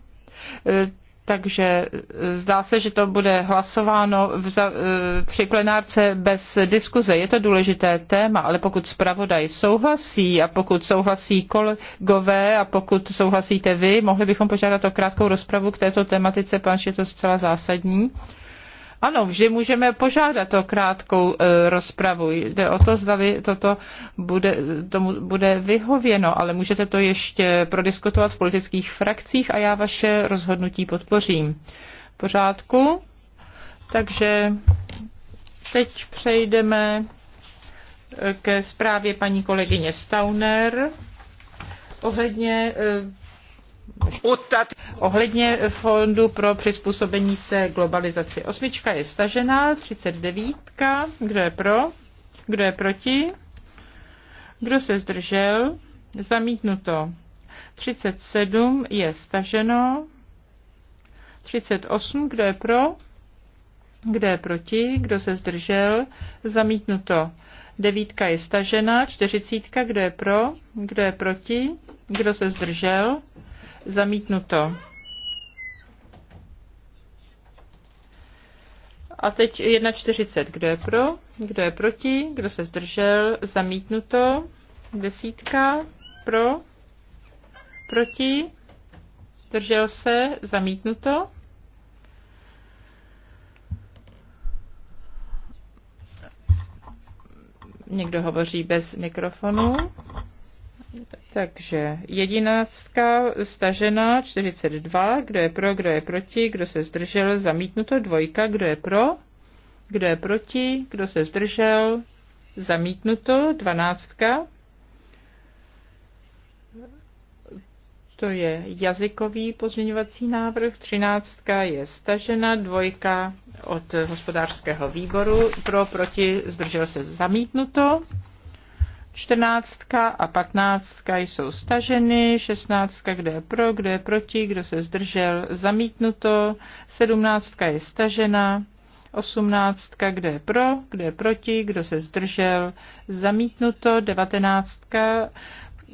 Uh, takže e, zdá se, že to bude hlasováno v za, e, při plenárce bez diskuze. Je to důležité téma, ale pokud zpravodaj souhlasí a pokud souhlasí kolegové a pokud souhlasíte vy, mohli bychom požádat o krátkou rozpravu k této tematice, pan je to zcela zásadní. Ano, vždy můžeme požádat o krátkou e, rozpravu. Jde o to, zdali toto bude, tomu bude vyhověno, ale můžete to ještě prodiskutovat v politických frakcích a já vaše rozhodnutí podpořím. V pořádku? Takže teď přejdeme e, ke zprávě paní kolegyně Stauner ohledně e, Ohledně fondu pro přizpůsobení se globalizaci. Osmička je stažená, 39. Kdo je pro? Kdo je proti? Kdo se zdržel? Zamítnuto. 37 je staženo. 38, kdo je pro? Kdo je proti? Kdo se zdržel? Zamítnuto. Devítka je stažena. Čtyřicítka, kdo je pro? Kdo je proti? Kdo se zdržel? Zamítnuto. A teď 1,40. Kdo je pro? Kdo je proti? Kdo se zdržel? Zamítnuto. Desítka. Pro. Proti. Zdržel se. Zamítnuto. Někdo hovoří bez mikrofonu. Takže jedináctka stažena, 42, kdo je pro, kdo je proti, kdo se zdržel, zamítnuto, dvojka, kdo je pro, kdo je proti, kdo se zdržel, zamítnuto, dvanáctka. To je jazykový pozměňovací návrh, třináctka je stažena, dvojka od hospodářského výboru, pro, proti, zdržel se, zamítnuto. Čtrnáctka a patnáctka jsou staženy, šestnáctka, kdo je pro, kdo je proti, kdo se zdržel, zamítnuto, sedmnáctka je stažena, osmnáctka, kdo je pro, kdo je proti, kdo se zdržel, zamítnuto, devatenáctka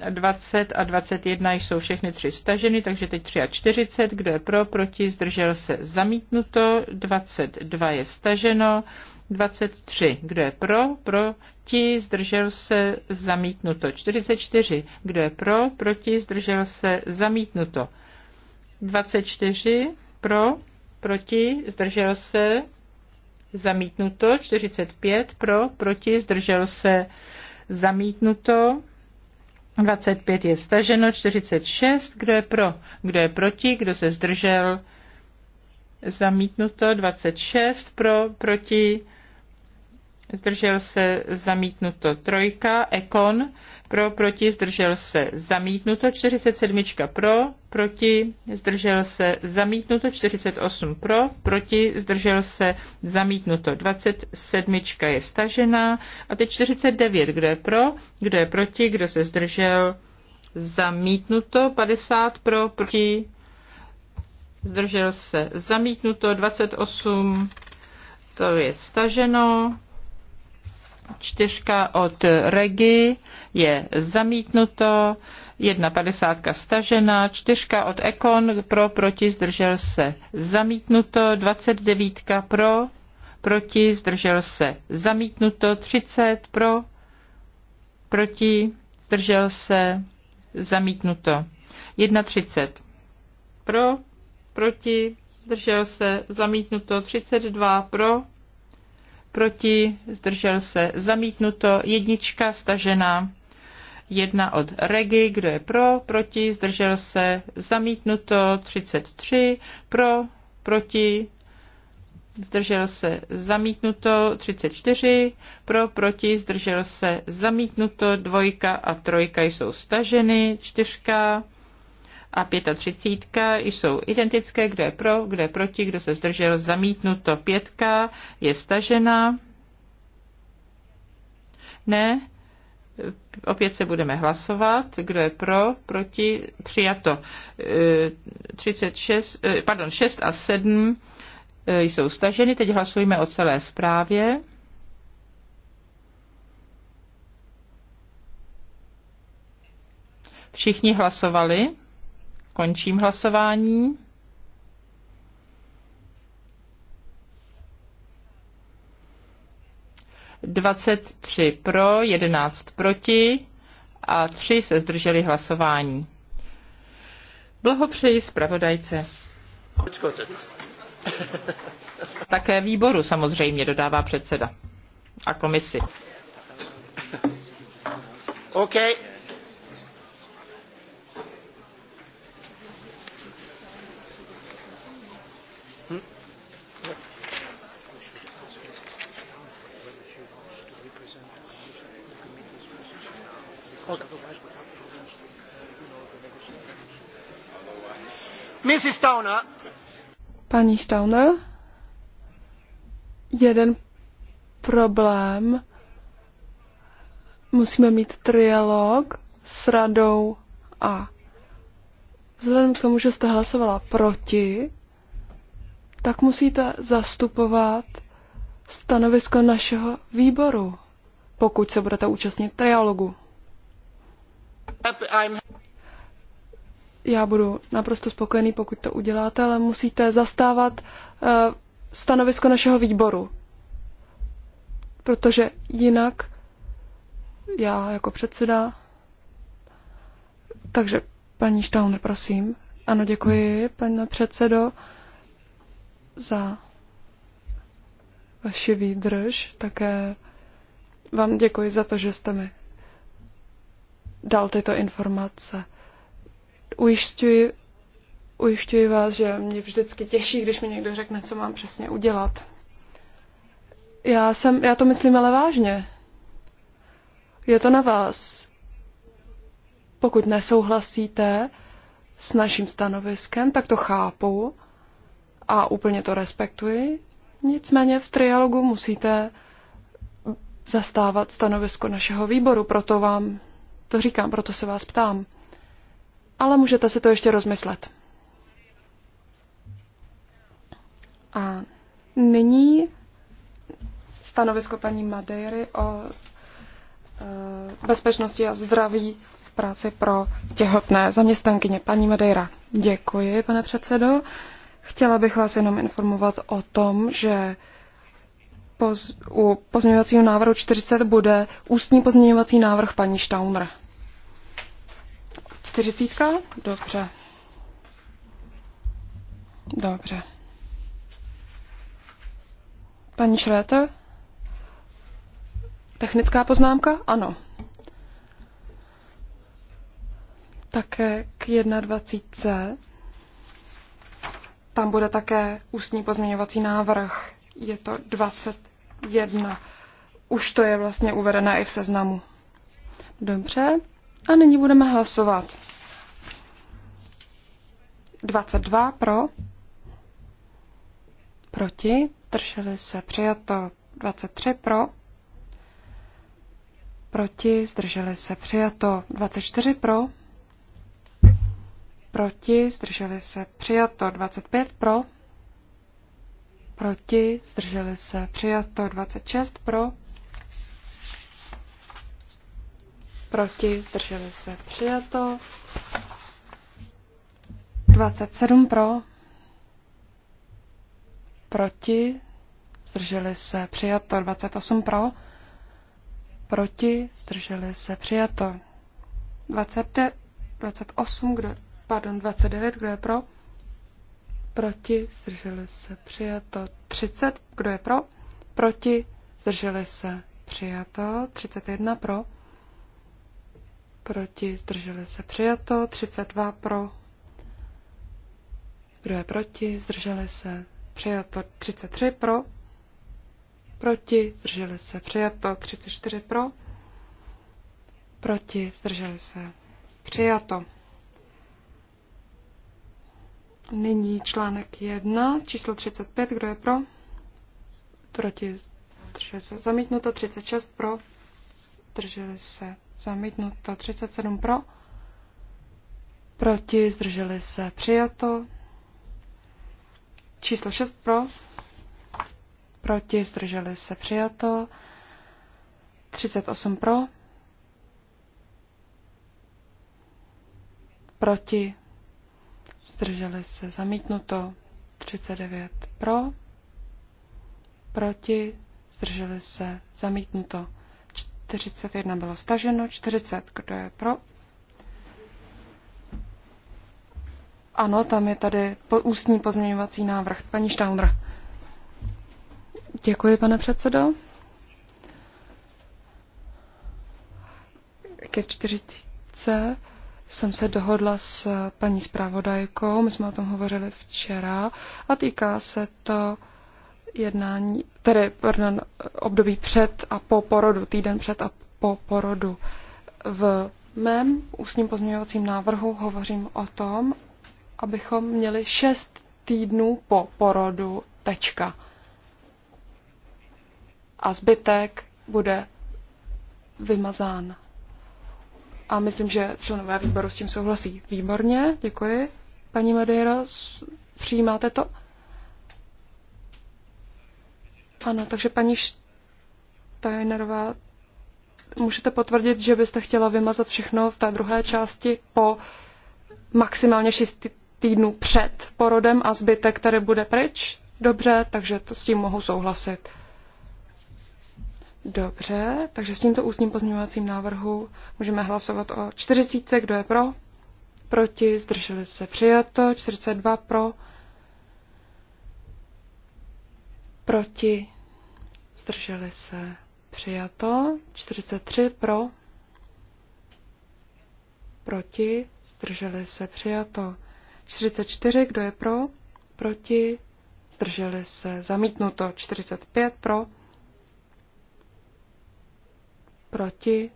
20 a 21 jsou všechny tři staženy, takže teď 43, kdo je pro, proti, zdržel se, zamítnuto, 22 je staženo, 23, kdo je pro, proti, zdržel se, zamítnuto, 44, kdo je pro, proti, zdržel se, zamítnuto, 24, pro, proti, zdržel se, zamítnuto, 45, pro, proti, zdržel se, zamítnuto, 25 je staženo, 46, kdo je pro, kdo je proti, kdo se zdržel, zamítnuto, 26 pro, proti, zdržel se zamítnuto trojka, Ekon pro, proti, zdržel se zamítnuto 47 pro, proti, zdržel se zamítnuto 48 pro, proti, zdržel se zamítnuto 27 je stažená a teď 49, kdo je pro, kdo je proti, kdo se zdržel zamítnuto 50 pro, proti, zdržel se zamítnuto 28 to je staženo, čtyřka od Regi je zamítnuto, jedna padesátka stažena, čtyřka od Ekon pro, proti, zdržel se zamítnuto, dvacet devítka pro, proti, zdržel se zamítnuto, třicet pro, proti, zdržel se zamítnuto, jedna třicet pro, proti, zdržel se zamítnuto, třicet dva pro, proti, zdržel se, zamítnuto, jednička stažená, jedna od Regi, kdo je pro, proti, zdržel se, zamítnuto, 33, pro, proti, zdržel se, zamítnuto, 34, pro, proti, zdržel se, zamítnuto, dvojka a trojka jsou staženy, čtyřka, a 35 jsou identické, kdo je pro, kdo je proti, kdo se zdržel, zamítnuto. Pětka je stažena. Ne. Opět se budeme hlasovat. Kdo je pro, proti, přijato. 36, eh, eh, pardon, 6 a 7 eh, jsou staženy. Teď hlasujeme o celé zprávě. Všichni hlasovali. Končím hlasování. Dvacet tři pro, jedenáct proti a tři se zdrželi hlasování. Blahopřeji zpravodajce. Také výboru samozřejmě dodává předseda a komisi. Okay. Paní Stauner, jeden problém. Musíme mít trialog s radou a vzhledem k tomu, že jste hlasovala proti, tak musíte zastupovat stanovisko našeho výboru, pokud se budete účastnit trialogu. Já budu naprosto spokojený, pokud to uděláte, ale musíte zastávat eh, stanovisko našeho výboru. Protože jinak já jako předseda. Takže paní Štauner, prosím. Ano, děkuji, pane předsedo, za vaši výdrž. Také vám děkuji za to, že jste mi dal tyto informace ujišťuji, ujišťuji vás, že mě vždycky těší, když mi někdo řekne, co mám přesně udělat. Já, jsem, já to myslím ale vážně. Je to na vás. Pokud nesouhlasíte s naším stanoviskem, tak to chápu a úplně to respektuji. Nicméně v trialogu musíte zastávat stanovisko našeho výboru, proto vám to říkám, proto se vás ptám ale můžete si to ještě rozmyslet. A nyní stanovisko paní Madeiry o eh, bezpečnosti a zdraví v práci pro těhotné zaměstnankyně. Paní Madeira, děkuji, pane předsedo. Chtěla bych vás jenom informovat o tom, že poz, u pozměňovacího návrhu 40 bude ústní pozměňovací návrh paní Štauner. Čtyřicítka? Dobře. Dobře. Paní Šréter? Technická poznámka? Ano. Také k 21. Tam bude také ústní pozměňovací návrh. Je to 21. Už to je vlastně uvedené i v seznamu. Dobře. A nyní budeme hlasovat. 22 pro, proti, zdrželi se, přijato 23 pro, proti, zdrželi se, přijato 24 pro, proti, zdrželi se, přijato 25 pro, proti, zdrželi se, přijato 26 pro, proti, zdrželi se přijato. 27 pro, proti, zdrželi se přijato. 28 pro, proti, zdrželi se přijato. 29, 28, kdo, pardon, 29, kdo je pro, proti, zdrželi se přijato. 30, kdo je pro, proti, zdrželi se přijato. 31 pro, proti, zdrželi se přijato, 32 pro, kdo je proti, zdrželi se přijato, 33 pro, proti, zdrželi se přijato, 34 pro, proti, zdrželi se přijato. Nyní článek 1, číslo 35, kdo je pro? Proti, zdrželi se zamítnuto, 36 pro, zdrželi se Zamítnuto 37 pro. Proti zdrželi se přijato. Číslo 6 pro. Proti zdrželi se přijato. 38 pro. Proti zdrželi se zamítnuto. 39 pro. Proti zdrželi se zamítnuto. 41 bylo staženo, 40, kdo je pro? Ano, tam je tady ústní pozměňovací návrh. Paní Štaundr. Děkuji, pane předsedo. Ke 40 jsem se dohodla s paní zpravodajkou, my jsme o tom hovořili včera, a týká se to jednání, tedy pardon, období před a po porodu, týden před a po porodu. V mém ústním pozměňovacím návrhu hovořím o tom, abychom měli šest týdnů po porodu tečka. A zbytek bude vymazán. A myslím, že členové výboru s tím souhlasí. Výborně, děkuji. Paní Madeira, přijímáte to? Ano, takže paní Steinerová, můžete potvrdit, že byste chtěla vymazat všechno v té druhé části po maximálně 6 týdnů před porodem a zbytek který bude pryč? Dobře, takže to s tím mohu souhlasit. Dobře, takže s tímto ústním pozměňovacím návrhu můžeme hlasovat o 40, kdo je pro, proti, zdrželi se přijato, 42 pro, proti, Zdrželi se. Přijato. 43 pro. Proti. Zdrželi se. Přijato. 44, kdo je pro? Proti. Zdrželi se. Zamítnuto. 45 pro. Proti.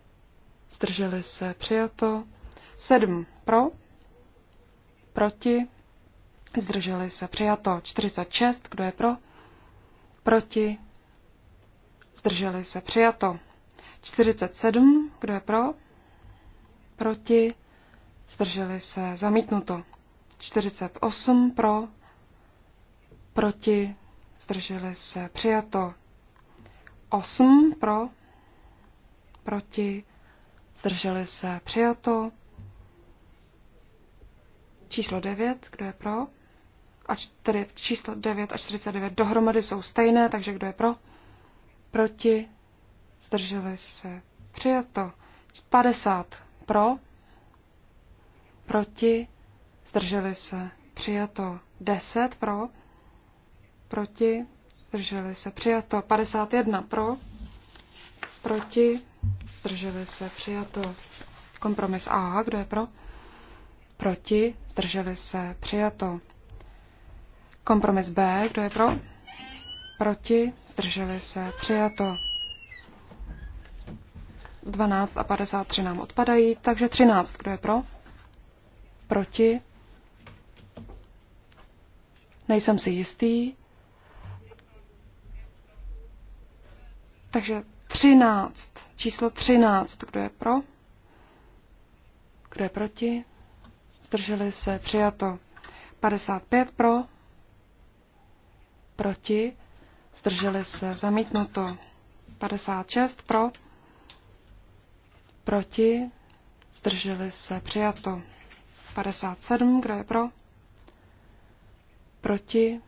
Zdrželi se. Přijato. 7 pro. Proti. Zdrželi se. Přijato. 46, kdo je pro? Proti Zdrželi se. Přijato. 47. Kdo je pro? Proti. Zdrželi se. Zamítnuto. 48. Pro. Proti. Zdrželi se. Přijato. 8. Pro. Proti. Zdrželi se. Přijato. Číslo 9. Kdo je pro? A čtyři. číslo 9 a 49 dohromady jsou stejné, takže kdo je pro? proti, zdrželi se, přijato. 50 pro, proti, zdrželi se, přijato. 10 pro, proti, zdrželi se, přijato. 51 pro, proti, zdrželi se, přijato. Kompromis A, kdo je pro? Proti, zdrželi se, přijato. Kompromis B, kdo je pro? Proti? Zdrželi se. Přijato. 12 a 53 nám odpadají, takže 13. Kdo je pro? Proti? Nejsem si jistý. Takže 13. Číslo 13. Kdo je pro? Kdo je proti? Zdrželi se. Přijato. 55 pro. Proti zdrželi se, zamítnuto. 56 pro, proti, zdrželi se, přijato. 57, kdo je pro, proti,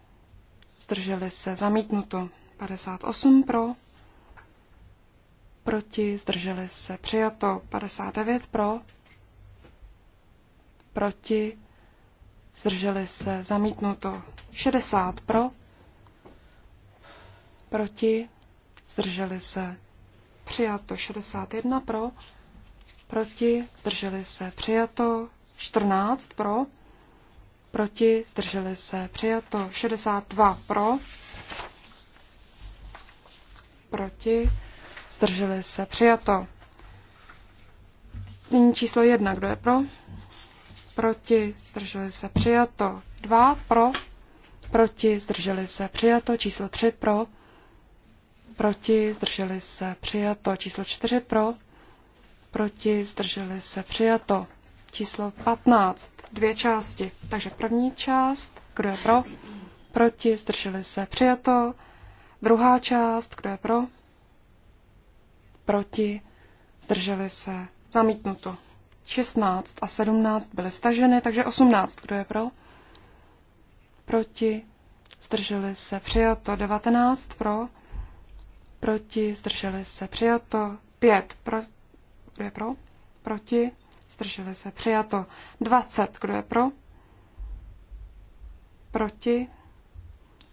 zdrželi se, zamítnuto. 58 pro, proti, zdrželi se, přijato. 59 pro, proti, zdrželi se, zamítnuto. 60 pro, proti, zdrželi se, přijato 61 pro, proti, zdrželi se, přijato 14 pro, proti, zdrželi se, přijato 62 pro, proti, zdrželi se, přijato. Nyní číslo 1, kdo je pro? Proti, zdrželi se, přijato 2 pro, proti, zdrželi se, přijato číslo 3 pro, proti, zdrželi se, přijato. Číslo 4 pro, proti, zdrželi se, přijato. Číslo 15, dvě části. Takže první část, kdo je pro, proti, zdrželi se, přijato. Druhá část, kdo je pro, proti, zdrželi se, zamítnuto. 16 a 17 byly staženy, takže 18, kdo je pro, proti, zdrželi se, přijato. 19 pro, proti, zdrželi se, přijato. Pět, pro, kdo je pro, proti, zdrželi se, přijato. Dvacet, kdo je pro, proti,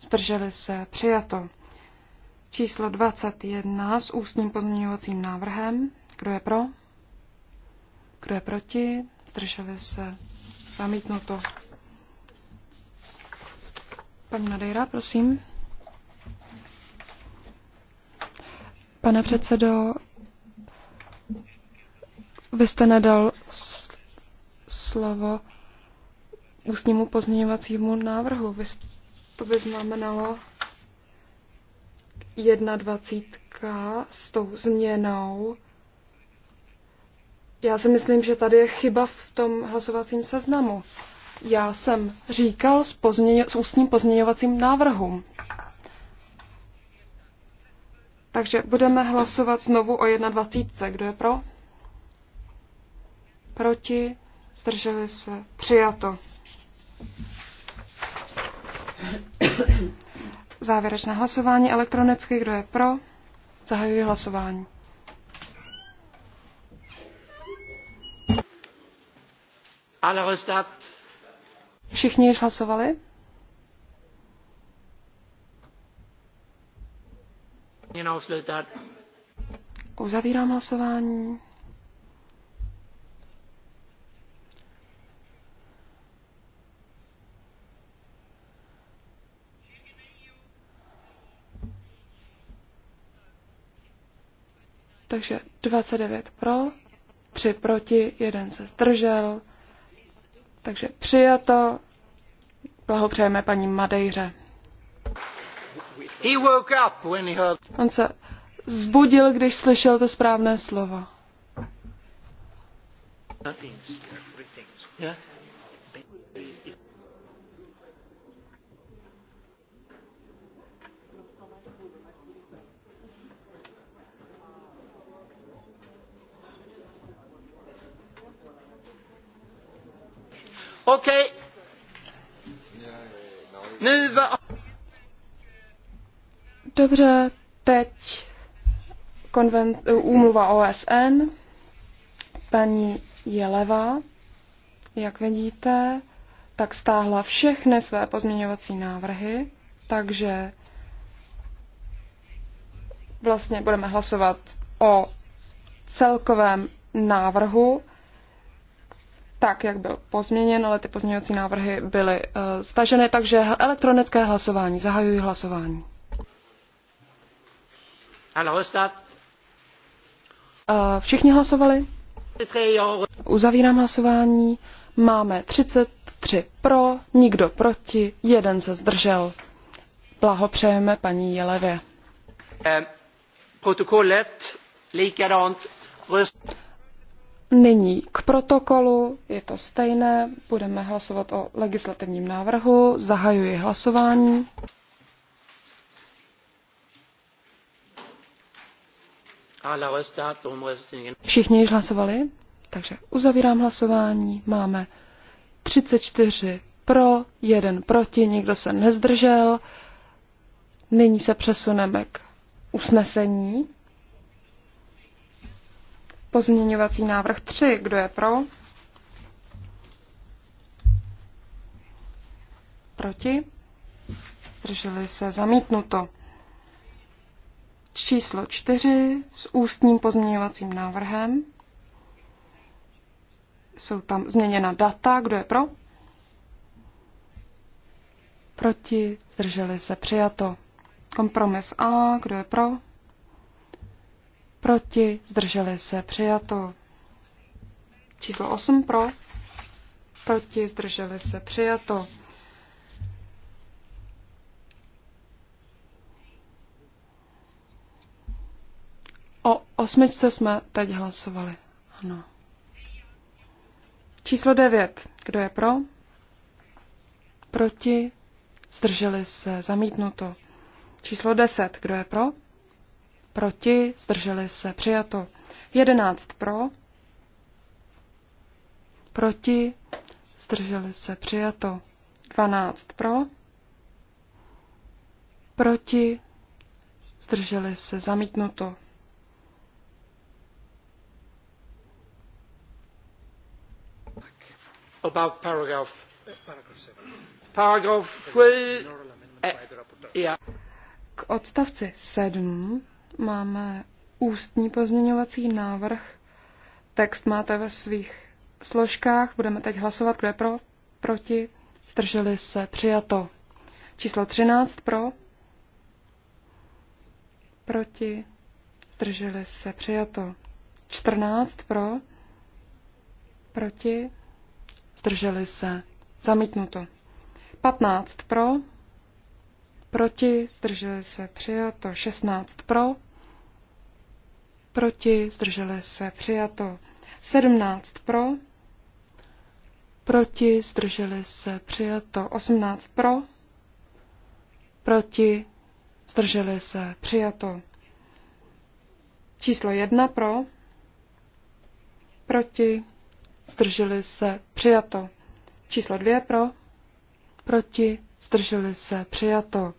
zdrželi se, přijato. Číslo 21 s ústním pozměňovacím návrhem. Kdo je pro? Kdo je proti? Zdrželi se. Zamítnuto. Paní Madeira, prosím. Pane předsedo, vy jste nedal slovo ústnímu pozměňovacímu návrhu. Vy, to by znamenalo 21 s tou změnou. Já si myslím, že tady je chyba v tom hlasovacím seznamu. Já jsem říkal s, pozměňo- s ústním pozměňovacím návrhům takže budeme hlasovat znovu o 21. Kdo je pro? Proti? Zdrželi se? Přijato. Závěrečné hlasování elektronicky. Kdo je pro? Zahajuji hlasování. Všichni již hlasovali? Uzavírám hlasování. Takže 29 pro, 3 proti, 1 se zdržel. Takže přijato. Blahopřejeme paní Madejře. On se zbudil, když slyšel to správné slova. Yeah? yeah, yeah. Nu Dobře, teď konvent, eh, úmluva OSN, paní Jeleva, jak vidíte, tak stáhla všechny své pozměňovací návrhy, takže vlastně budeme hlasovat o celkovém návrhu, tak, jak byl pozměněn, ale ty pozměňovací návrhy byly uh, staženy, takže elektronické hlasování. Zahajuji hlasování. Všichni hlasovali? Uzavírám hlasování. Máme 33 pro, nikdo proti, jeden se zdržel. Blahopřejeme paní Jelevě. Ehm, Nyní k protokolu, je to stejné, budeme hlasovat o legislativním návrhu, zahajuji hlasování. Všichni již hlasovali, takže uzavírám hlasování. Máme 34 pro, jeden proti, nikdo se nezdržel. Nyní se přesuneme k usnesení. Pozměňovací návrh 3. Kdo je pro? Proti? Zdrželi se zamítnuto číslo 4 s ústním pozměňovacím návrhem. Jsou tam změněna data. Kdo je pro? Proti. Zdrželi se. Přijato. Kompromis A. Kdo je pro? Proti. Zdrželi se. Přijato. Číslo 8 pro. Proti. Zdrželi se. Přijato. O osmičce jsme teď hlasovali. Ano. Číslo 9. Kdo je pro? Proti? Zdrželi se. Zamítnuto. Číslo 10. Kdo je pro? Proti? Zdrželi se. Přijato. 11 pro. Proti? Zdrželi se. Přijato. 12 pro. Proti? Zdrželi se. Zamítnuto. about paragraph paragraph 3 eh, k odstavci 7 máme ústní pozměňovací návrh. Text máte ve svých složkách. Budeme teď hlasovat, kdo je pro, proti. Zdrželi se, přijato. Číslo 13 pro, proti. Zdrželi se, přijato. 14 pro, proti zdrželi se, zamítnuto. 15 pro, proti, zdrželi se, přijato. 16 pro, proti, zdrželi se, přijato. 17 pro, proti, zdrželi se, přijato. 18 pro, proti, zdrželi se, přijato. Číslo 1 pro, proti, zdrželi se, přijato. Číslo dvě pro, proti, zdrželi se, přijato.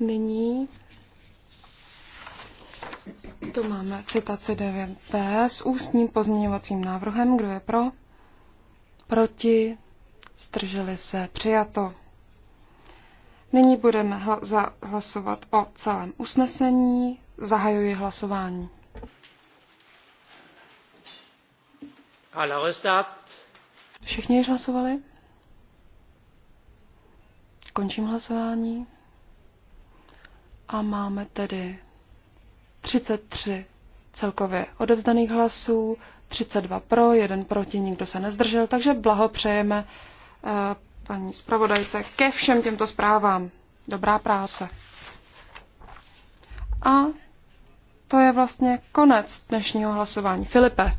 Nyní tu máme citaci 9b s ústním pozměňovacím návrhem. Kdo je pro? Proti? Zdrželi se? Přijato. Nyní budeme hla- hlasovat o celém usnesení. Zahajuji hlasování. Všichni již hlasovali? Končím hlasování. A máme tedy 33 celkově odevzdaných hlasů, 32 pro, jeden proti, nikdo se nezdržel, takže blahopřejeme eh, paní zpravodajce ke všem těmto zprávám. Dobrá práce. A to je vlastně konec dnešního hlasování. Filipe.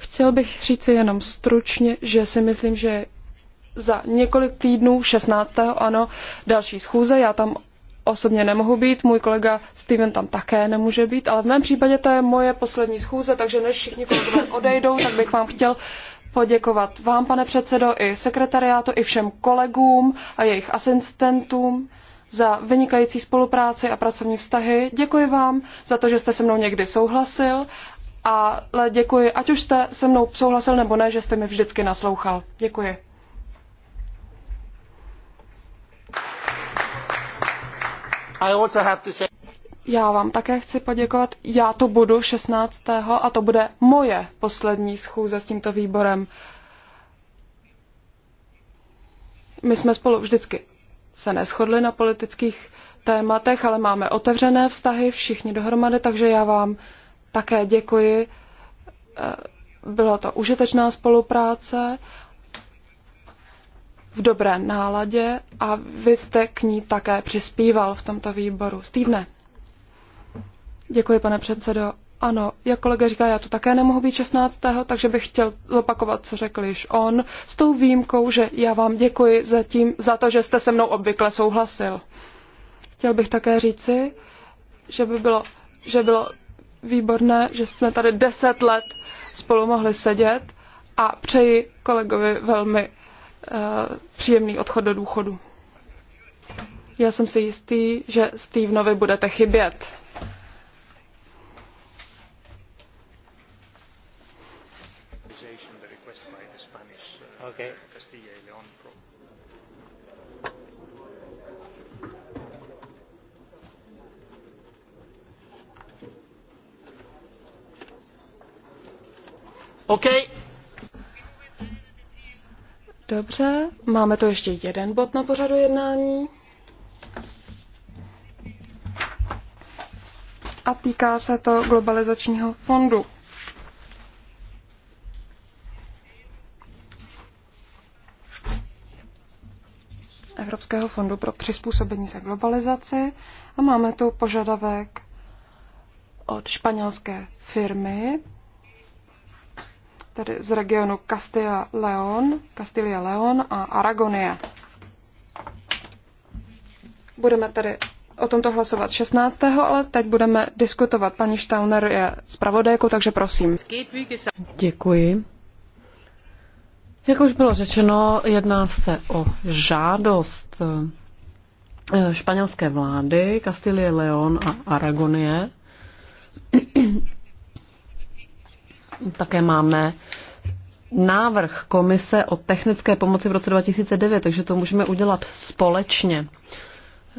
Chtěl bych říci jenom stručně, že si myslím, že za několik týdnů, 16. ano, další schůze, já tam osobně nemohu být, můj kolega Steven tam také nemůže být, ale v mém případě to je moje poslední schůze, takže než všichni kolegové odejdou, tak bych vám chtěl poděkovat vám, pane předsedo, i sekretariátu, i všem kolegům a jejich asistentům za vynikající spolupráci a pracovní vztahy. Děkuji vám za to, že jste se mnou někdy souhlasil ale děkuji, ať už jste se mnou souhlasil nebo ne, že jste mi vždycky naslouchal. Děkuji. Já vám také chci poděkovat. Já to budu 16. a to bude moje poslední schůze s tímto výborem. My jsme spolu vždycky se neschodli na politických tématech, ale máme otevřené vztahy všichni dohromady, takže já vám také děkuji. Eh, bylo to užitečná spolupráce v dobré náladě a vy jste k ní také přispíval v tomto výboru. Stevene. Děkuji, pane předsedo. Ano, jak kolega říká, já tu také nemohu být 16. takže bych chtěl zopakovat, co řekl již on, s tou výjimkou, že já vám děkuji za, tím, za to, že jste se mnou obvykle souhlasil. Chtěl bych také říci, že by bylo, že bylo výborné, že jsme tady deset let spolu mohli sedět a přeji kolegovi velmi uh, příjemný odchod do důchodu. Já jsem si jistý, že Novi budete chybět. OK. Dobře, máme to ještě jeden bod na pořadu jednání. A týká se to globalizačního fondu. Evropského fondu pro přizpůsobení se globalizaci a máme tu požadavek od španělské firmy, tedy z regionu Castilla Leon, Castilla Leon a Aragonie. Budeme tady o tomto hlasovat 16. ale teď budeme diskutovat. Paní Štauner je zpravodajkou, takže prosím. Děkuji. Jak už bylo řečeno, jedná se o žádost eh, španělské vlády, Kastilie Leon a Aragonie také máme návrh komise o technické pomoci v roce 2009, takže to můžeme udělat společně.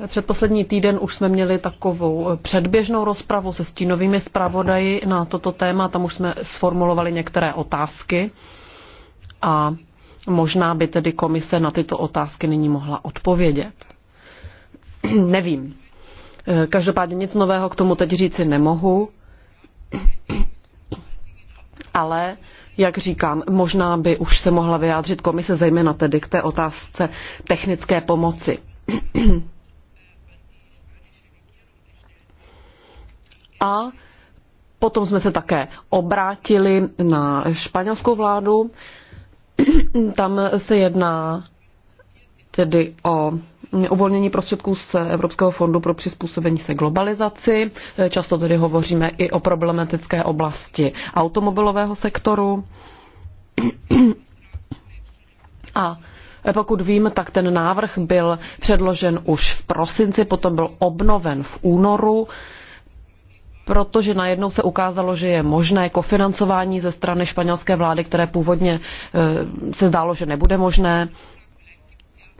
Předposlední týden už jsme měli takovou předběžnou rozpravu se stínovými zpravodaji na toto téma. Tam už jsme sformulovali některé otázky a možná by tedy komise na tyto otázky nyní mohla odpovědět. Nevím. Každopádně nic nového k tomu teď říci nemohu ale jak říkám, možná by už se mohla vyjádřit komise zejména tedy k té otázce technické pomoci. A potom jsme se také obrátili na španělskou vládu. Tam se jedná tedy o uvolnění prostředků z Evropského fondu pro přizpůsobení se globalizaci. Často tedy hovoříme i o problematické oblasti automobilového sektoru. A pokud vím, tak ten návrh byl předložen už v prosinci, potom byl obnoven v únoru, protože najednou se ukázalo, že je možné kofinancování ze strany španělské vlády, které původně eh, se zdálo, že nebude možné.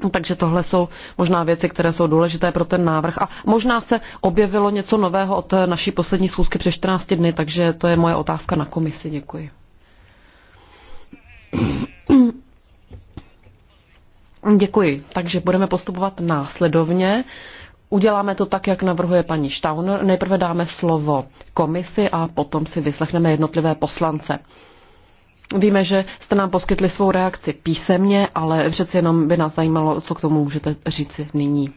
No, takže tohle jsou možná věci, které jsou důležité pro ten návrh. A možná se objevilo něco nového od naší poslední schůzky před 14 dny, takže to je moje otázka na komisi. Děkuji. Děkuji. Takže budeme postupovat následovně. Uděláme to tak, jak navrhuje paní Štauner. Nejprve dáme slovo komisi a potom si vyslechneme jednotlivé poslance. Víme, že jste nám poskytli svou reakci písemně, ale přeci jenom by nás zajímalo, co k tomu můžete říci nyní.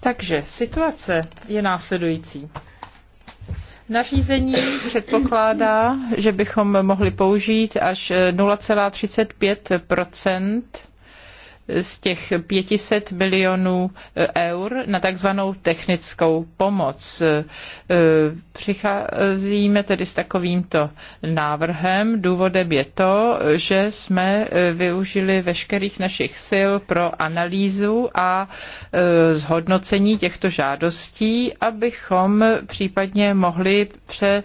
Takže situace je následující. Nařízení předpokládá, že bychom mohli použít až eh, 0,35 z těch 500 milionů eh, eur na takzvanou technickou pomoc. Eh, přicházíme tedy s takovýmto návrhem. Důvodem je to, že jsme eh, využili veškerých našich sil pro analýzu a zhodnocení těchto žádostí, abychom případně mohli pře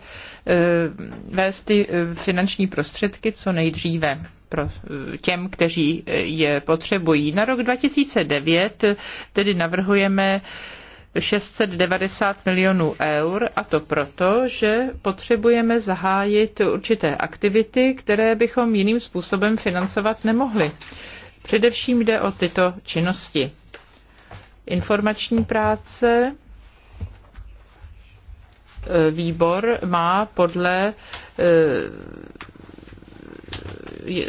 vést ty finanční prostředky co nejdříve pro těm, kteří eh, je potřebují. Na rok 2009 tedy navrhujeme 690 milionů eur a to proto, že potřebujeme zahájit určité aktivity, které bychom jiným způsobem financovat nemohli. Především jde o tyto činnosti. Informační práce, eh, výbor má podle eh, E,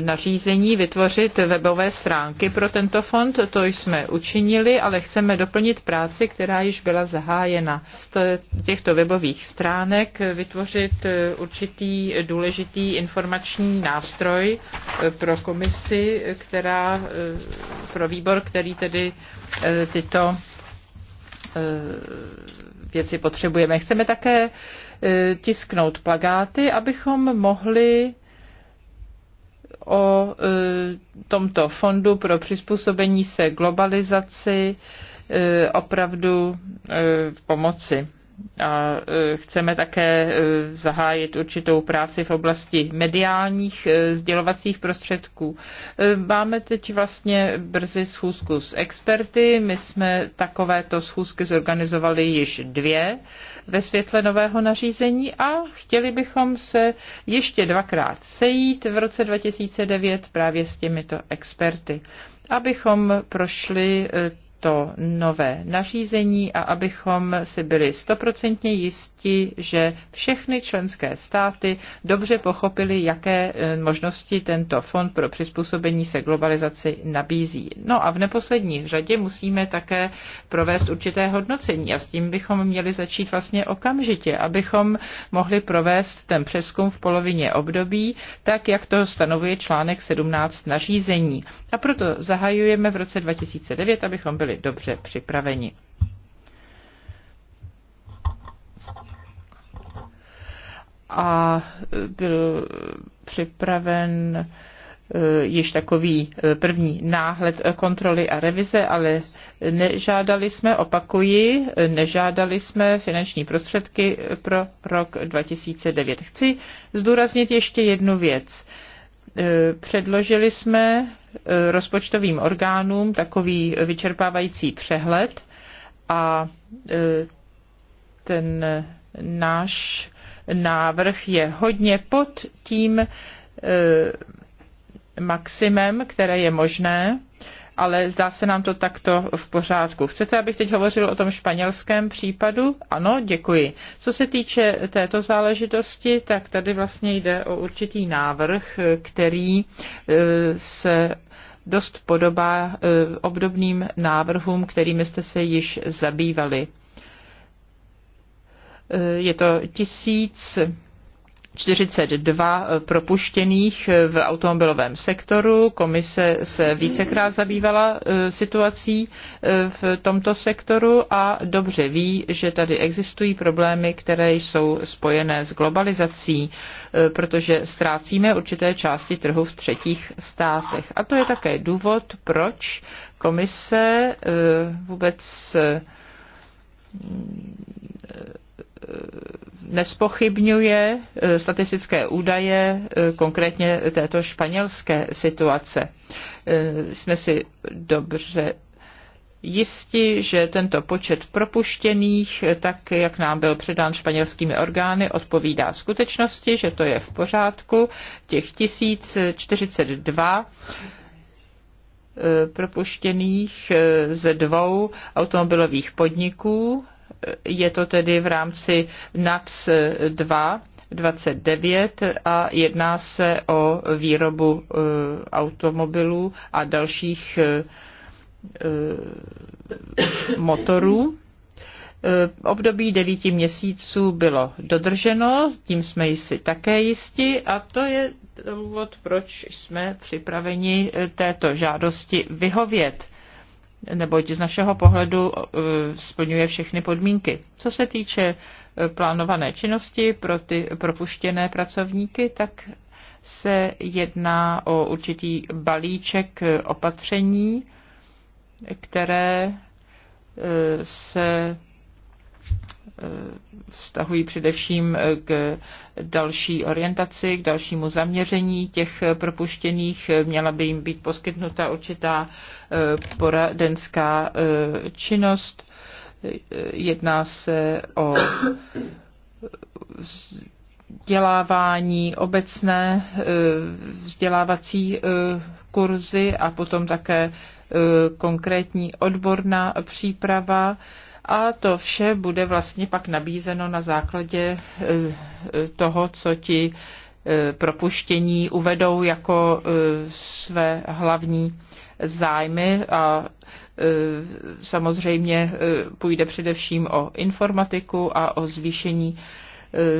nařízení vytvořit webové stránky pro tento fond. To jsme učinili, ale chceme doplnit práci, která již byla zahájena. Z těchto webových stránek vytvořit e, určitý důležitý informační nástroj e, pro komisi, která, pro výbor, který tedy tyto věci potřebujeme. Chceme také tisknout plagáty, abychom mohli o e, tomto fondu pro přizpůsobení se globalizaci e, opravdu e, v pomoci. A e, chceme také e, zahájit určitou práci v oblasti mediálních e, sdělovacích prostředků. Máme teď vlastně brzy schůzku s experty. My jsme takovéto schůzky zorganizovali již dvě ve světle nového nařízení a chtěli bychom se ještě dvakrát sejít v roce 2009 právě s těmito experty abychom prošli to nové nařízení a abychom si byli stoprocentně jisti, že všechny členské státy dobře pochopili, jaké e, možnosti tento fond pro přizpůsobení se globalizaci nabízí. No a v neposlední řadě musíme také provést určité hodnocení a s tím bychom měli začít vlastně okamžitě, abychom mohli provést ten přeskum v polovině období, tak jak to stanovuje článek 17 nařízení. A proto zahajujeme v roce 2009, abychom byli byli dobře připraveni. A byl připraven eh, již takový eh, první náhled kontroly a revize, ale nežádali jsme, opakuji, nežádali jsme finanční prostředky pro rok 2009. Chci zdůraznit ještě jednu věc. Eh, předložili jsme rozpočtovým orgánům takový vyčerpávající přehled a e, ten náš návrh je hodně pod tím e, maximem, které je možné, ale zdá se nám to takto v pořádku. Chcete, abych teď hovořil o tom španělském případu? Ano, děkuji. Co se týče této záležitosti, tak tady vlastně jde o určitý návrh, který e, se dost podobá eh, obdobným návrhům, kterými jste se již zabývali. Eh, je to tisíc 42 eh, propuštěných eh, v automobilovém sektoru. Komise se vícekrát zabývala eh, situací v tomto sektoru a dobře ví, že tady existují problémy, které jsou spojené s globalizací, protože ztrácíme určité části trhu v třetích státech. A to je také důvod, proč komise vůbec nespochybňuje eh, statistické údaje, eh, konkrétně této španělské situace. Eh, jsme si dobře jisti, že tento počet propuštěných, tak jak nám byl předán španělskými orgány, odpovídá skutečnosti, že to je v pořádku. Těch 1042 propuštěných ze dvou automobilových podniků je to tedy v rámci NATS 2, 29 a jedná se o výrobu eh, automobilů a dalších eh, eh, motorů. Období devíti měsíců bylo dodrženo, tím jsme si také jisti a to je důvod, proč jsme připraveni této žádosti vyhovět neboť z našeho pohledu e, splňuje všechny podmínky. Co se týče e, plánované činnosti pro ty propuštěné pracovníky, tak se jedná o určitý balíček e, opatření, které se vztahují především eh, k další orientaci, k dalšímu zaměření těch propuštěných. Měla by jim být poskytnuta určitá eh, poradenská eh, činnost. Jedná se o vzdělávání, obecné vzdělávací kurzy a potom také konkrétní odborná příprava a to vše bude vlastně pak nabízeno na základě e, e, toho, co ti e, propuštění uvedou jako své hlavní zájmy a samozřejmě půjde především o informatiku a o zvýšení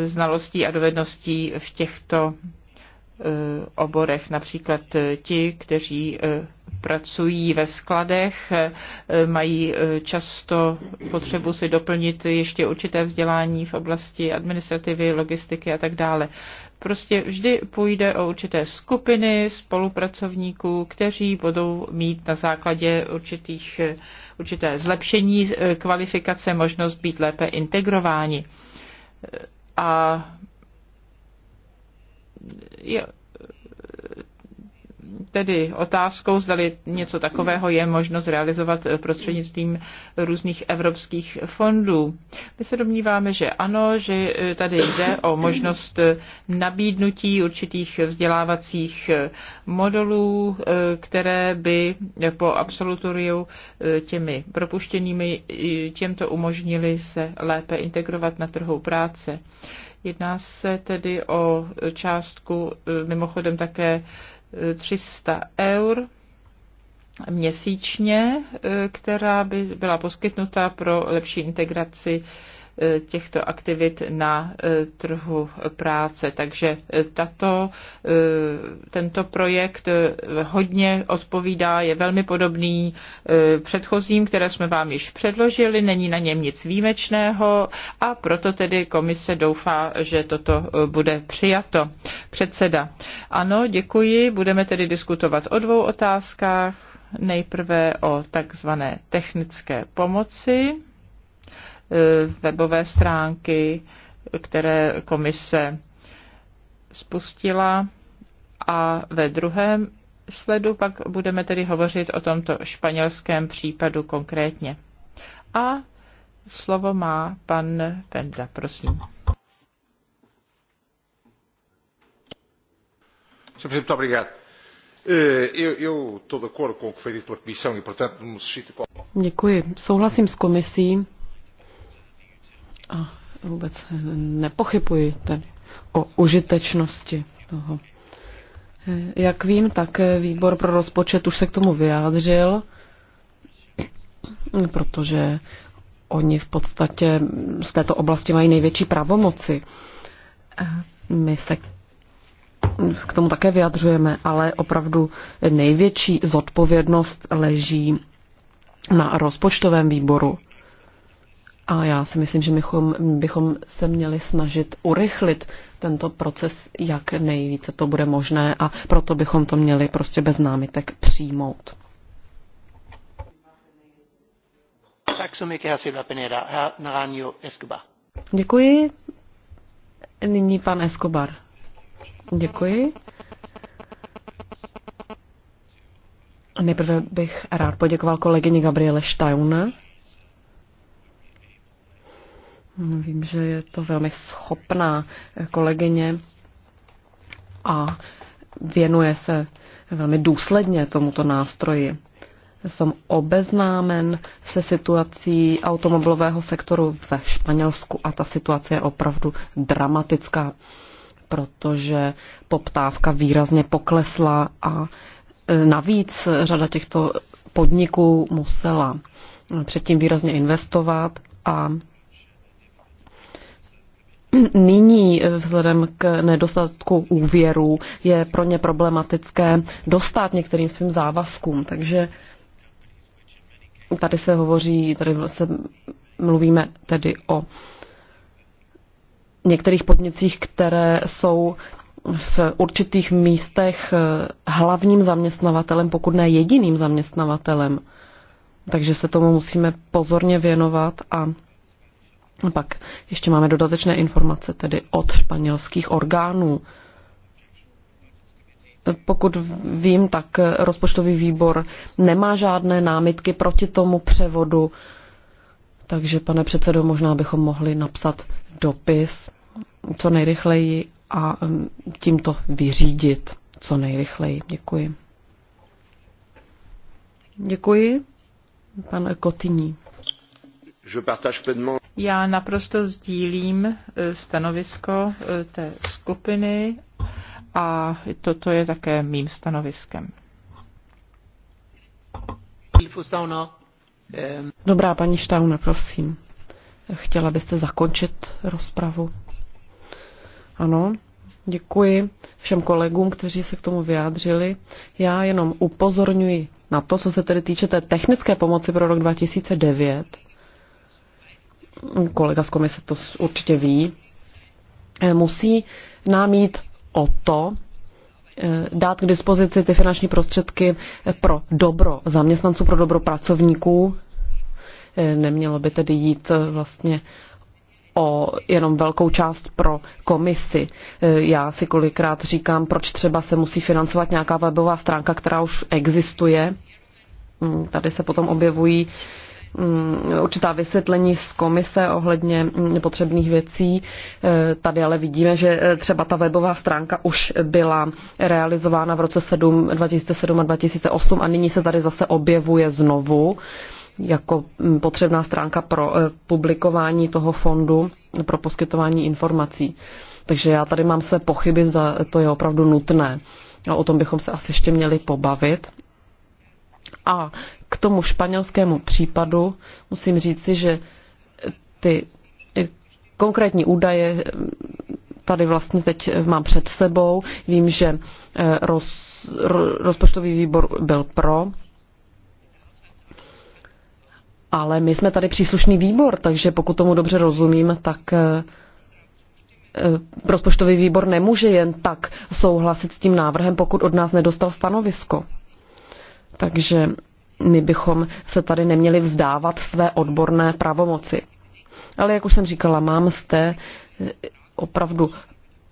znalostí a dovedností v těchto Eh, oborech, například eh, ti, kteří eh, pracují ve skladech, mají často potřebu si doplnit ještě určité vzdělání v oblasti administrativy, logistiky a tak dále. Prostě vždy půjde o určité skupiny spolupracovníků, kteří budou mít na základě určitých, určité zlepšení kvalifikace možnost být lépe integrováni. A je tedy otázkou, zda něco takového je možno zrealizovat prostřednictvím různých evropských fondů. My se domníváme, že ano, že tady jde o možnost nabídnutí určitých vzdělávacích modulů, které by po absolutoriu těmi propuštěnými těmto umožnili se lépe integrovat na trhu práce. Jedná se tedy o částku e, mimochodem také 300 e, eur měsíčně, e, která by byla poskytnuta pro lepší integraci těchto aktivit na e, trhu práce. Takže e, tato, e, tento projekt hodně odpovídá, je velmi podobný předchozím, které jsme vám již předložili, není na něm nic výjimečného a proto tedy komise doufá, že toto bude přijato. Předseda. Ano, děkuji. Budeme tedy diskutovat o dvou otázkách. Nejprve o takzvané technické pomoci. E, webové stránky, které komise spustila. A ve druhém sledu pak budeme tedy hovořit o tomto španělském případu konkrétně. A slovo má pan Penda, prosím. Sr. Presidente, obrigado. Děkuji. Souhlasím s komisí a vůbec nepochybuji tady o užitečnosti toho. Jak vím, tak výbor pro rozpočet už se k tomu vyjádřil, protože oni v podstatě z této oblasti mají největší pravomoci. My se k tomu také vyjadřujeme, ale opravdu největší zodpovědnost leží na rozpočtovém výboru. A já si myslím, že bychom, bychom se měli snažit urychlit tento proces, jak nejvíce to bude možné a proto bychom to měli prostě bez námitek přijmout. Děkuji. Nyní pan Escobar. Děkuji. Nejprve bych rád poděkoval kolegyni Gabriele Štajuna Vím, že je to velmi schopná kolegyně a věnuje se velmi důsledně tomuto nástroji. Jsem obeznámen se situací automobilového sektoru ve Španělsku a ta situace je opravdu dramatická, protože poptávka výrazně poklesla a e, navíc řada těchto podniků musela předtím výrazně investovat a Nyní eh, vzhledem k nedostatku úvěrů je pro ně problematické dostat některým svým závazkům, takže tady se hovoří, tady se mluvíme tedy o některých podnicích, které jsou v určitých místech eh, hlavním zaměstnavatelem, pokud ne jediným zaměstnavatelem. Takže se tomu musíme pozorně věnovat a pak ještě máme dodatečné informace tedy od španělských orgánů. Pokud vím, tak rozpočtový výbor nemá žádné námitky proti tomu převodu, takže pane předsedo, možná bychom mohli napsat dopis co nejrychleji a mm, tím to vyřídit co nejrychleji. Děkuji. Děkuji. Pan Kotyní. Je partage pleinement já naprosto sdílím e, stanovisko e, té skupiny a toto je také mým stanoviskem. Dobrá, paní Štauna, prosím. Chtěla byste zakončit rozpravu? Ano, děkuji všem kolegům, kteří se k tomu vyjádřili. Já jenom upozorňuji na to, co se tedy týče té technické pomoci pro rok 2009, kolega z komise to určitě ví, eh, musí nám jít o to, eh, dát k dispozici ty finanční prostředky pro dobro zaměstnanců, pro dobro pracovníků. Eh, nemělo by tedy jít vlastně o jenom velkou část pro komisi. Já si kolikrát říkám, proč třeba se musí financovat nějaká webová stránka, která už existuje. Hmm, tady se potom objevují Mm, určitá vysvětlení z komise ohledně nepotřebných mm, věcí. E, tady ale vidíme, že e, třeba ta webová stránka už byla realizována v roce 7, 2007 a 2008 a nyní se tady zase objevuje znovu jako mm, potřebná stránka pro e, publikování toho fondu pro poskytování informací. Takže já tady mám své pochyby, zda to je opravdu nutné. A o tom bychom se asi ještě měli pobavit. A k tomu španělskému případu musím říci, že ty konkrétní údaje eh, tady vlastně teď eh, mám před sebou. Vím, že eh, roz, rozpočtový výbor byl pro, ale my jsme tady příslušný výbor, takže pokud tomu dobře rozumím, tak rozpočtový výbor nemůže jen tak souhlasit s tím návrhem, pokud od nás nedostal stanovisko. Takže my bychom se tady neměli vzdávat své odborné pravomoci. Ale jak už jsem říkala, mám zde eh, opravdu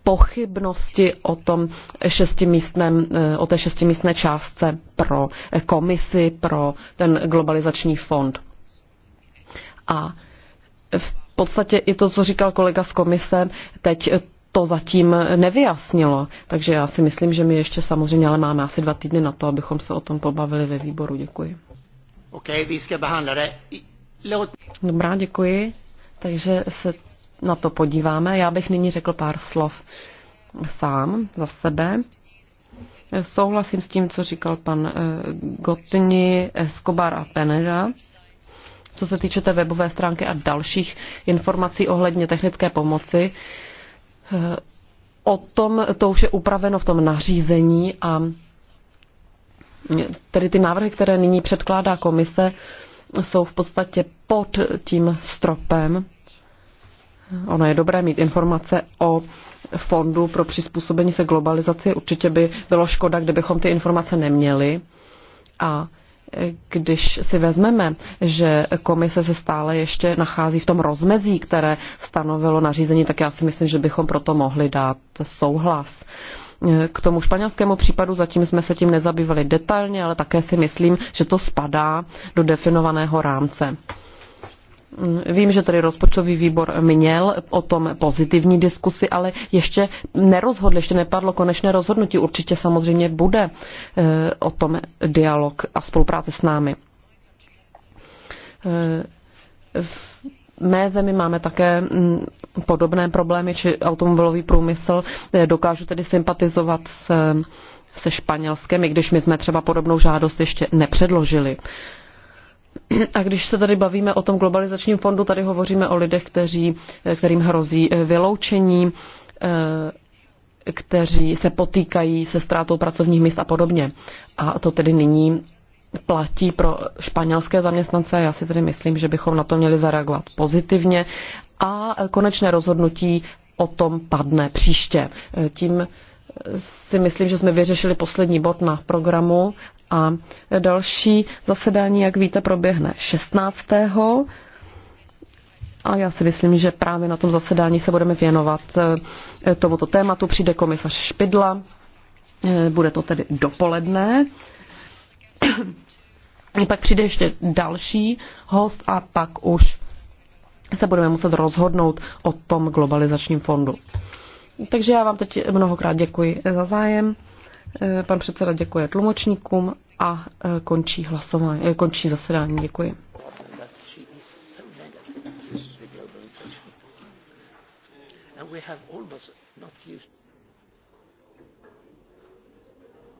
pochybnosti o tom šestimístném, eh, o té šestimístné částce pro eh, komisi, pro ten globalizační fond. A v podstatě i to, co říkal kolega z komise, teď to zatím nevyjasnilo. Takže já si myslím, že my ještě samozřejmě, ale máme asi dva týdny na to, abychom se o tom pobavili ve výboru. Děkuji. Okay, Dobrá, děkuji. Takže se na to podíváme. Já bych nyní řekl pár slov sám za sebe. Souhlasím s tím, co říkal pan eh, Gotni, Escobar a Peneda. Co se týče té webové stránky a dalších informací ohledně technické pomoci, O tom to už je upraveno v tom nařízení a tedy ty návrhy, které nyní předkládá komise, jsou v podstatě pod tím stropem. Ono je dobré mít informace o fondu pro přizpůsobení se globalizaci. Určitě by bylo škoda, kdybychom ty informace neměli. A když si vezmeme, že komise se stále ještě nachází v tom rozmezí, které stanovilo nařízení, tak já si myslím, že bychom proto mohli dát souhlas. K tomu španělskému případu zatím jsme se tím nezabývali detailně, ale také si myslím, že to spadá do definovaného rámce. Vím, že tady rozpočtový výbor měl o tom pozitivní diskusi, ale ještě nerozhodl, ještě nepadlo konečné rozhodnutí. Určitě samozřejmě bude e, o tom dialog a spolupráce s námi. E, v mé zemi máme také mm, podobné problémy, či automobilový průmysl. E, dokážu tedy sympatizovat se, se Španělskem, i když my jsme třeba podobnou žádost ještě nepředložili. A když se tady bavíme o tom globalizačním fondu, tady hovoříme o lidech, kteří, kterým hrozí vyloučení, eh, kteří se potýkají se ztrátou pracovních míst a podobně. A to tedy nyní platí pro španělské zaměstnance. Já si tedy myslím, že bychom na to měli zareagovat pozitivně a konečné rozhodnutí o tom padne příště. Eh, tím si myslím, že jsme vyřešili poslední bod na programu a další zasedání, jak víte, proběhne 16. A já si myslím, že právě na tom zasedání se budeme věnovat eh, tomuto tématu. Přijde komisař Špidla, eh, bude to tedy dopoledne. pak přijde ještě další host a pak už se budeme muset rozhodnout o tom globalizačním fondu. Takže já vám teď mnohokrát děkuji za zájem. Eh, pan předseda děkuje tlumočníkům a eh, končí, hlasování, eh, končí zasedání. Děkuji. we have almost not used